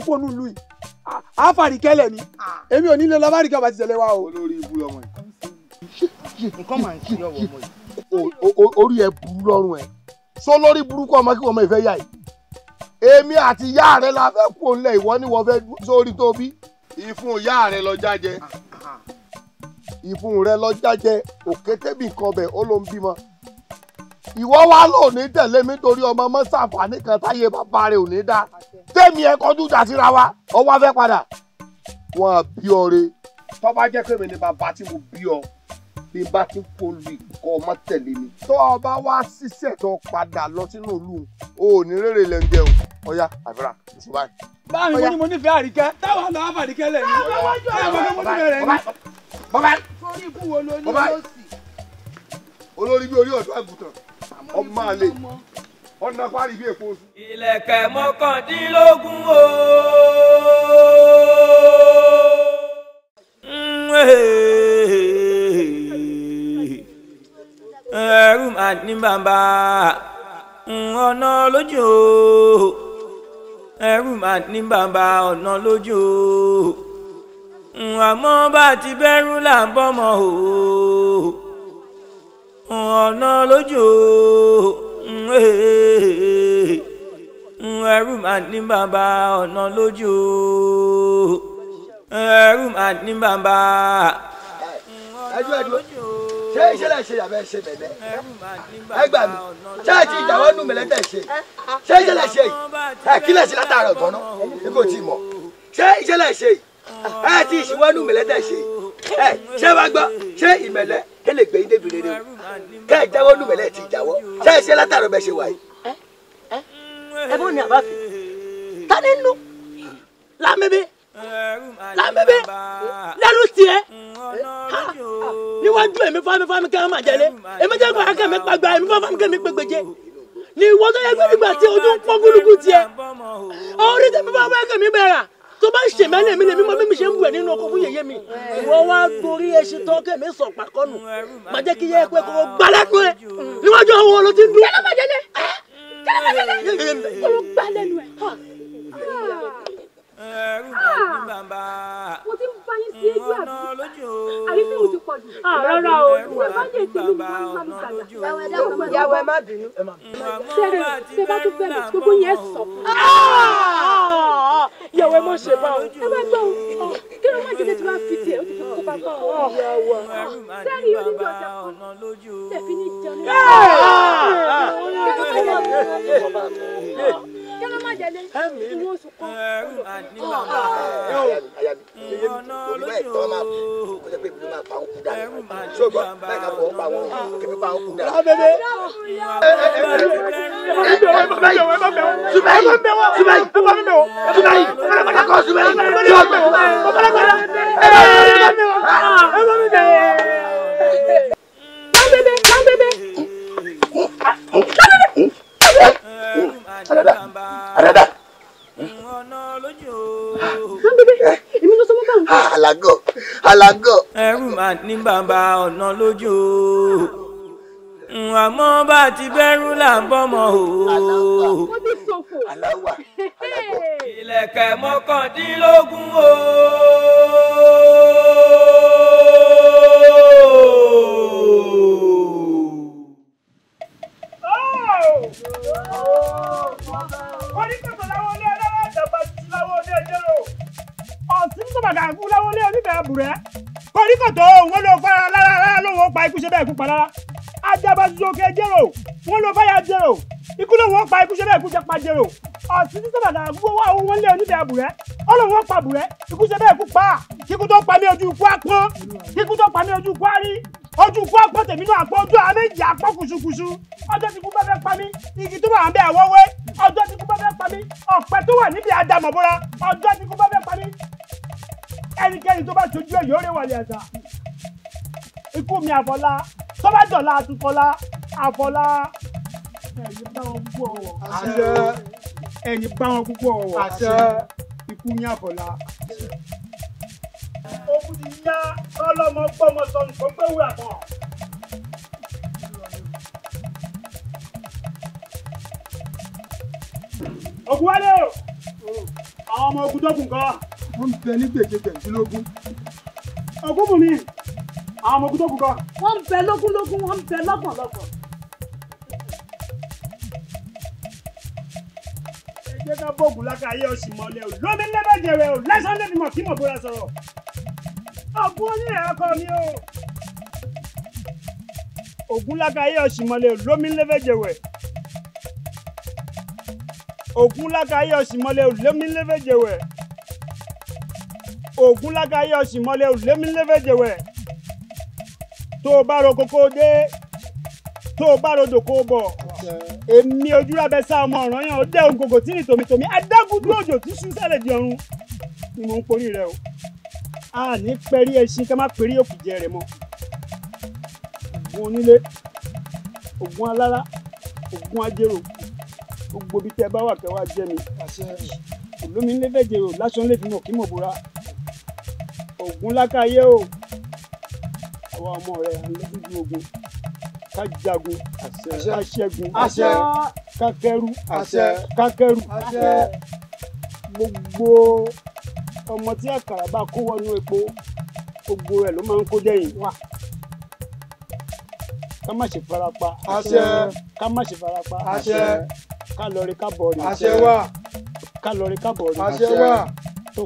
epo nù lù yìí àfàrí kẹlẹ̀ ni èmi ò nílé lọ́wọ́ àríkà bá ti tẹ̀lé wa o. olórí ibu ọmọ yìí. nǹkan máa ń ṣe ọwọ́ ọmọ yìí. orí ẹ burú lọ́rùn ẹ sọ lórí burúkú ọmọ kí ọmọ ìfẹ́ yá yìí èmi àti ìyá rẹ la fẹ́ kú òǹlẹ̀ ìwọ ni wọ́n fẹ́ sórí tó bí. ìfun ìyá rẹ lọ jájẹ. Ah, ah. ìfun rẹ lọ jájẹ òkété bí nǹkan ọbẹ̀ ó ló ń bímọ. ìwọ wa lò ní tẹ̀lé mi torí ọmọ mọ́sáfà nìkan táyé bàbá rẹ ò ní dáa ẹni yẹn kọjú ìjà síra wa ọwọ́ afẹ́ padà wọn à ọ re tó bá jẹ́ pé mi ni bàbá tí mo bí ọ bí bá ti polú ìkọ́ ọmọ tẹ̀lé mi. tó o bá wá ṣiṣẹ́ tó padà lọ sínú ìlú o ò ní rere lẹ́ńdẹ́ o ọ̀ya àbúrà ìṣù báyìí. báyìí mo mo nífẹ̀ẹ́ àríkẹ́ táwọn àlọ́ àbàríkẹ́ lẹ̀ ní. báwo ni mo nífẹ̀ẹ́ rẹ̀ ní. bọ́bá sórí ibú wo ló ní lọ́sì. olórí bí orí ọ̀dọ́ àgùntàn ọmọ àlè ọ̀nà kwari bí èkó. ìlẹ̀kẹ̀ mọ́kàndínlógún o. ẹrú màá ní bàbá ọ̀nà lójú o ẹrú màá ní bàbá ọ̀nà lójú o àmọ́ bá ti bẹ́rù là ń bọ́mọ o ọ̀nà lójú o ẹrú mà ní bàbá ọ̀nà lójú ẹrú mà ní bàbá ọ̀nà lójú ṣé iṣẹ́ lẹ̀ ṣe yàbẹ̀ ṣe bẹ̀bẹ̀ ẹ gbà mí ṣáàjì ìdáwọ́ nù mí lẹ́tẹ̀ ṣe ṣé iṣẹ́ lẹ̀ ṣe ẹ kí lẹ̀ ṣe látàárọ̀ gan-an ní kò tí ì mọ̀ ṣé iṣẹ́ lẹ̀ ṣe ẹ ti ìṣíwọ́ nù mí lẹ́tẹ̀ ṣe ẹ ṣé wàá gbọ́ ṣé ìmẹ̀lẹ́ kí lè gbé yín débi rere o kẹ́ ẹ jáwọ́ nù mí lẹ́tì ìjáwọ́ ṣé iṣẹ́ látàárọ̀ bẹ́ ṣe wáyé ɛfɛ wo ni a b'a fɛ nu lamɛbɛ lamɛbɛ lɛlu tiɛ ni wa jumɛn mi fa mi fa emi tɛ fa kɛ gbagba mi fa fa mi kɛ mi gbɛgbɛjɛ ni wɔtɔ yɛ o tun kɔ gulugu tiɛ ɔri tɛ mi fa fa kɛ mi tó bá ṣe mẹ́lẹ̀ mi lè mímọ́ bí mi ṣe ń wẹ̀ nínú ọkọ̀ fún yèyé mi ìwọ wá torí ẹṣin tán kẹ́mi sọ pàkọ́nù má jẹ́ kí yẹ ẹ̀kọ́ ẹ̀kọ́ gbalẹ́nu ẹ̀ níwájú àwọn olóòtú dùn. yálà bàjẹ́ dẹ́ kẹlẹkẹlẹ ló gbá lẹ́nu ẹ ẹrú ẹrú ah! bàbá mo ti ń bá yín sí ẹjọ́ àbí àyíké mo ti pọ̀ jù ah, rárá o ṣé bá jẹ́ ìtẹ́lú mi máa ń sàdá yàwó ẹ má bínú sẹ́rẹ̀ ṣé bá tún bẹ̀rẹ̀ gbogbo yẹn sọ. Ah! yàwó ẹ mọ̀ ṣe bá o ẹ bá gbọ́ o oh, kí ló má jẹ́jẹ́ tí wàá fi tiẹ̀ o ti fi kó bá bá o. yàwó sẹ́rẹ̀ yóò ní bí ọjà kan tẹ̀fí ní jẹun kí ló má jẹlé ìwọ oṣù kan ọ̀nà lójú o ẹ̀rù máa ní bàbá o kébí pa òkú dà. lábẹ́bẹ́ Subayi Subayi Subayi ọ̀pọ̀lọpọ̀ kọ́ Subayi ọ̀pọ̀lọpọ̀ lábẹ́bẹ́ lábẹ́bẹ́ lábẹ́bẹ́ àdàdà àdàdà. èmi ló sọ mọ́ báwọn. àlàgọ̀ ah, àlàgọ̀. ẹrù máa ní bàbá ọ̀nà lójú àmọ́ bá ti bẹ́rù là ń bọ́mọ o. ilẹ̀kẹ̀ mọ́kàndínlógún o. o. oníkòtò láwọn ilé ẹlẹ́wọ̀n àtàgbà tuntun láwọn ilé ẹjẹ́ o. ọ̀sìn tó bàgà fún láwọn ilé oníbẹ̀ àbùrẹ́. oníkòtò òun ló fara lára lára lóun ó pa ikú ṣe bẹ́ẹ̀ kú pa lára. àjàgbá tuntun òkè jẹ́rò wọn ló fáyà jẹ́rò ikú lóun ó pa ikú ṣe bẹ́ẹ̀ kú jẹ́ pa jẹ́rò. ọ̀sìn tó bàgà fún wa òun ilé oníbẹ̀ àbùrẹ́ ọlọ́run ọ̀pá àbùrẹ́ ikú ṣe bẹ́ẹ̀ kú kíkú tó pa ní ojú ikú á kíkú tó pa ní ojú ikú á ojú kú àpò tèmi náà àpò ojú àwọn méjì àpò kùsùkùsù ọjọ́ tí kú bá fẹ́ pa mí igi tó wà ń bẹ àwọ̀wé ọjọ́ tí kú bá fẹ́ pa mí ọ̀pẹ tó wà níbi àdàmọ̀bọ́ra ọjọ́ tí kú bá fẹ́ pa mí ẹnikẹ́ni tó bá ṣojú ẹ̀ yóò rẹ̀ wà ní ikú mi àfọlá tó bá àfọlá ẹ̀yìn bá púpọ̀ ọ̀wọ̀ àṣẹ ẹ̀yìn bá púpọ̀ ọ̀wọ̀ àṣẹ ikú mi àfọlá òun ti yá ọlọ́mọ gbọ́mọ sọ nǹkan pé wúrà kan. ògùn wálé o àwọn ọmọ ogun tó kù nǹkan. wọ́n bẹ ní gbèjègbèjìlógún. ògùn bùnmi àwọn ọmọ ogun tó kù wọ́n ń bẹ lógúnlógún wọ́n ń bẹ lọ́gbọ̀nlọ́gbọ̀n. ẹgbẹ́ ká bóògùn lákàáyé ọ̀sìn mọ́lẹ̀ o lómi lẹ́bẹ̀jẹ̀rẹ̀ o lẹ́sàn-án lẹ́bi kí mọ̀ bóra sọ̀rọ̀ ọ̀gbun onílẹ̀ ọkọ mi o. ògùn lákàyè ọ̀sìnmọ́lẹ̀ lómìnlẹ́fẹ̀jẹ̀wẹ̀. ògùn lákàyè ọ̀sìnmọ́lẹ̀ lómìnlẹ́fẹ̀jẹ̀wẹ̀. ògùn lákàyè ọ̀sìnmọ́lẹ̀ lómìnlẹ́fẹ̀jẹ̀wẹ̀. tó o bá ro kókó dé tó o bá rodò kó o bọ̀ èmi Ojúlábẹ́sà ọmọ ọ̀ràn yẹn ó dẹ́ òǹkòkò tí ní tòmítòmí adágún dúró òjò tí sùn sálẹ̀ di ọ̀run ni mò ń porí rẹ o a ní pẹ́rí ẹṣin ká má pẹ́rí òkùjẹ rẹ̀ mọ́ ògùn onílé ògùn alára ògùn ajérò gbogbo ibi tẹ́ bá wà kẹ́ wá jẹ́ mi olómi ńlẹ́fẹ̀jẹ̀ o lásán lè fi mọ̀ kí mò bóra ògùn lákàyé o àwa ọmọ rẹ̀ à ń lọ síbi ogun ká jagun ká ṣẹ́gun ká kẹ́rù ká kẹ́rù gbogbo ọmọ tí àkàrà bá kó wọnú epo gbogbo rẹ̀ ló máa ń kó jẹ́yìn wá ká má ṣe farapa àṣẹ ká má ṣe farapa àṣẹ ká lọ rí ká bọ̀ rí àṣẹ wá ká lọ rí ká bọ̀ rí àṣẹ wá tó.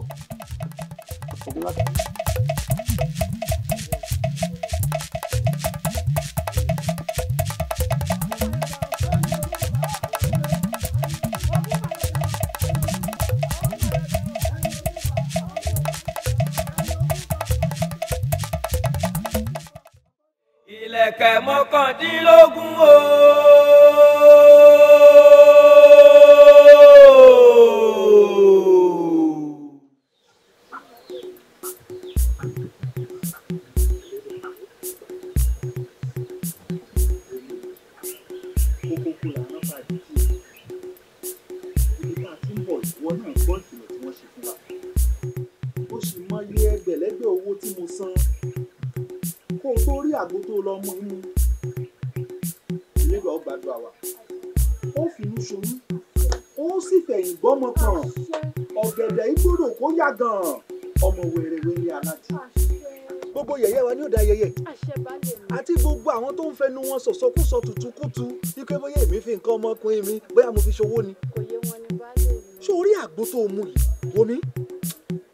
mú yìí omi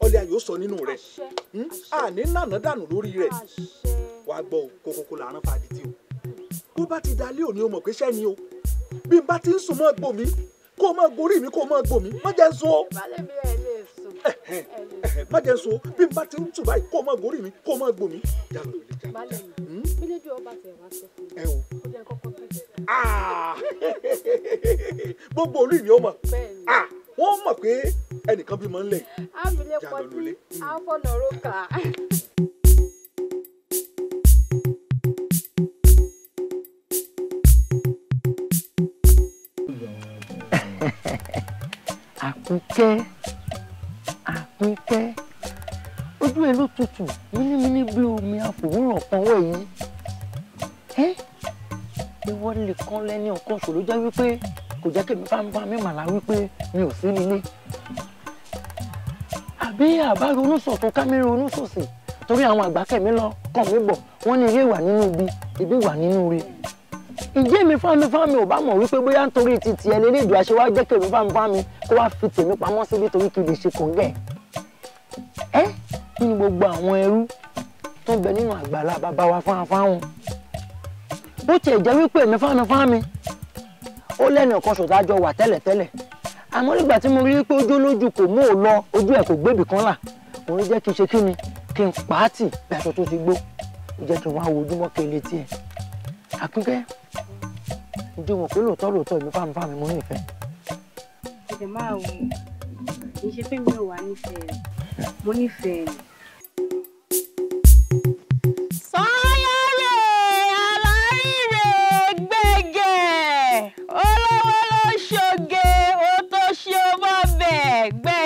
ọlẹ́ ayò sọ nínú rẹ̀ àní hmm? nànà dànù lórí rẹ̀ wàá gbọ́ kókókó làárọ̀ fàdìtì o bó bá ti dalé òní o mọ̀ pé sẹ́ni o bí n bá ti ń sùn mọ́ gbò mí kó o mọ́ gorí mi kó o mọ́ gbò mí má jẹ́ so má jẹ́ so bí n bá ti ń sùn báyìí kó o mọ́ gorí mi kó o mọ́ gbò mí. gbogbo olú mi ó mọ̀ ah! wọ́n mọ̀ pé ẹnìkan bímọ ńlẹ̀. àmìlẹ̀ pọtí àfọ̀nà roka. àpínkẹ́ àpínkẹ́ ojú ẹ ló tutù mínímíní bí omi àfòwúrọ̀ kan wọ̀ yìí ẹ ìwọ lè kan lẹ́ni ọ̀kan ṣòro jẹ́ wípé kò jẹ́ kí bámbá mi màlá wípé mi ò sí nílé àbí àbá ronú sọ̀tún ká mi ronú sòsì torí àwọn àgbákẹ́ mi lọ kàn mí bọ̀ wọ́n ní ilé wà nínú ibi ibi wà nínú ire ìjẹ́ mi fáwọn mi fáwọn mi ò bá mọ̀ wípé bóyá nítorí ti tiẹ̀ lélẹ́ ìdùn àṣẹ wá jẹ́ kí èmi fáwọn fáwọn mi kó wá fi tèmi pamọ́ síbi torí kí lè ṣe kòńgẹ́ ẹ́ nínú gbogbo àwọn ẹrú tó ń bẹ nínú àgbàlá bàbá wa fáwọn fáwọn bó tiẹ̀ jẹ́ wípé èmi fáwọn fáwọn mi ó lẹ́nu kan ṣòtá jọ wà tẹ́lẹ̀tẹ́lẹ̀ àmọ́ nígbà tí mo rí pé ojú olójú kò mú òun lọ ojú ẹ̀ kò gbébì kan là òun ló jẹ́ kí n ṣe kí ni kí n pa á tì bí aṣọ tó ti gbó ó jẹ́ kí n wá wo ojúmọ́ kele tiẹ̀ àkúnkẹ́ ǹjẹ́ mọ̀ pé lóòótọ́ lóòótọ́ èmi fáàmì fáàmì mo nífẹ̀ẹ́. ẹ̀jẹ̀ máa wò ó kì í ò wá nífẹ̀ẹ́ mo nífẹ̀ẹ́ olówó ló ṣoge ó tó ṣe ó bẹ́ẹ̀ gbẹ́.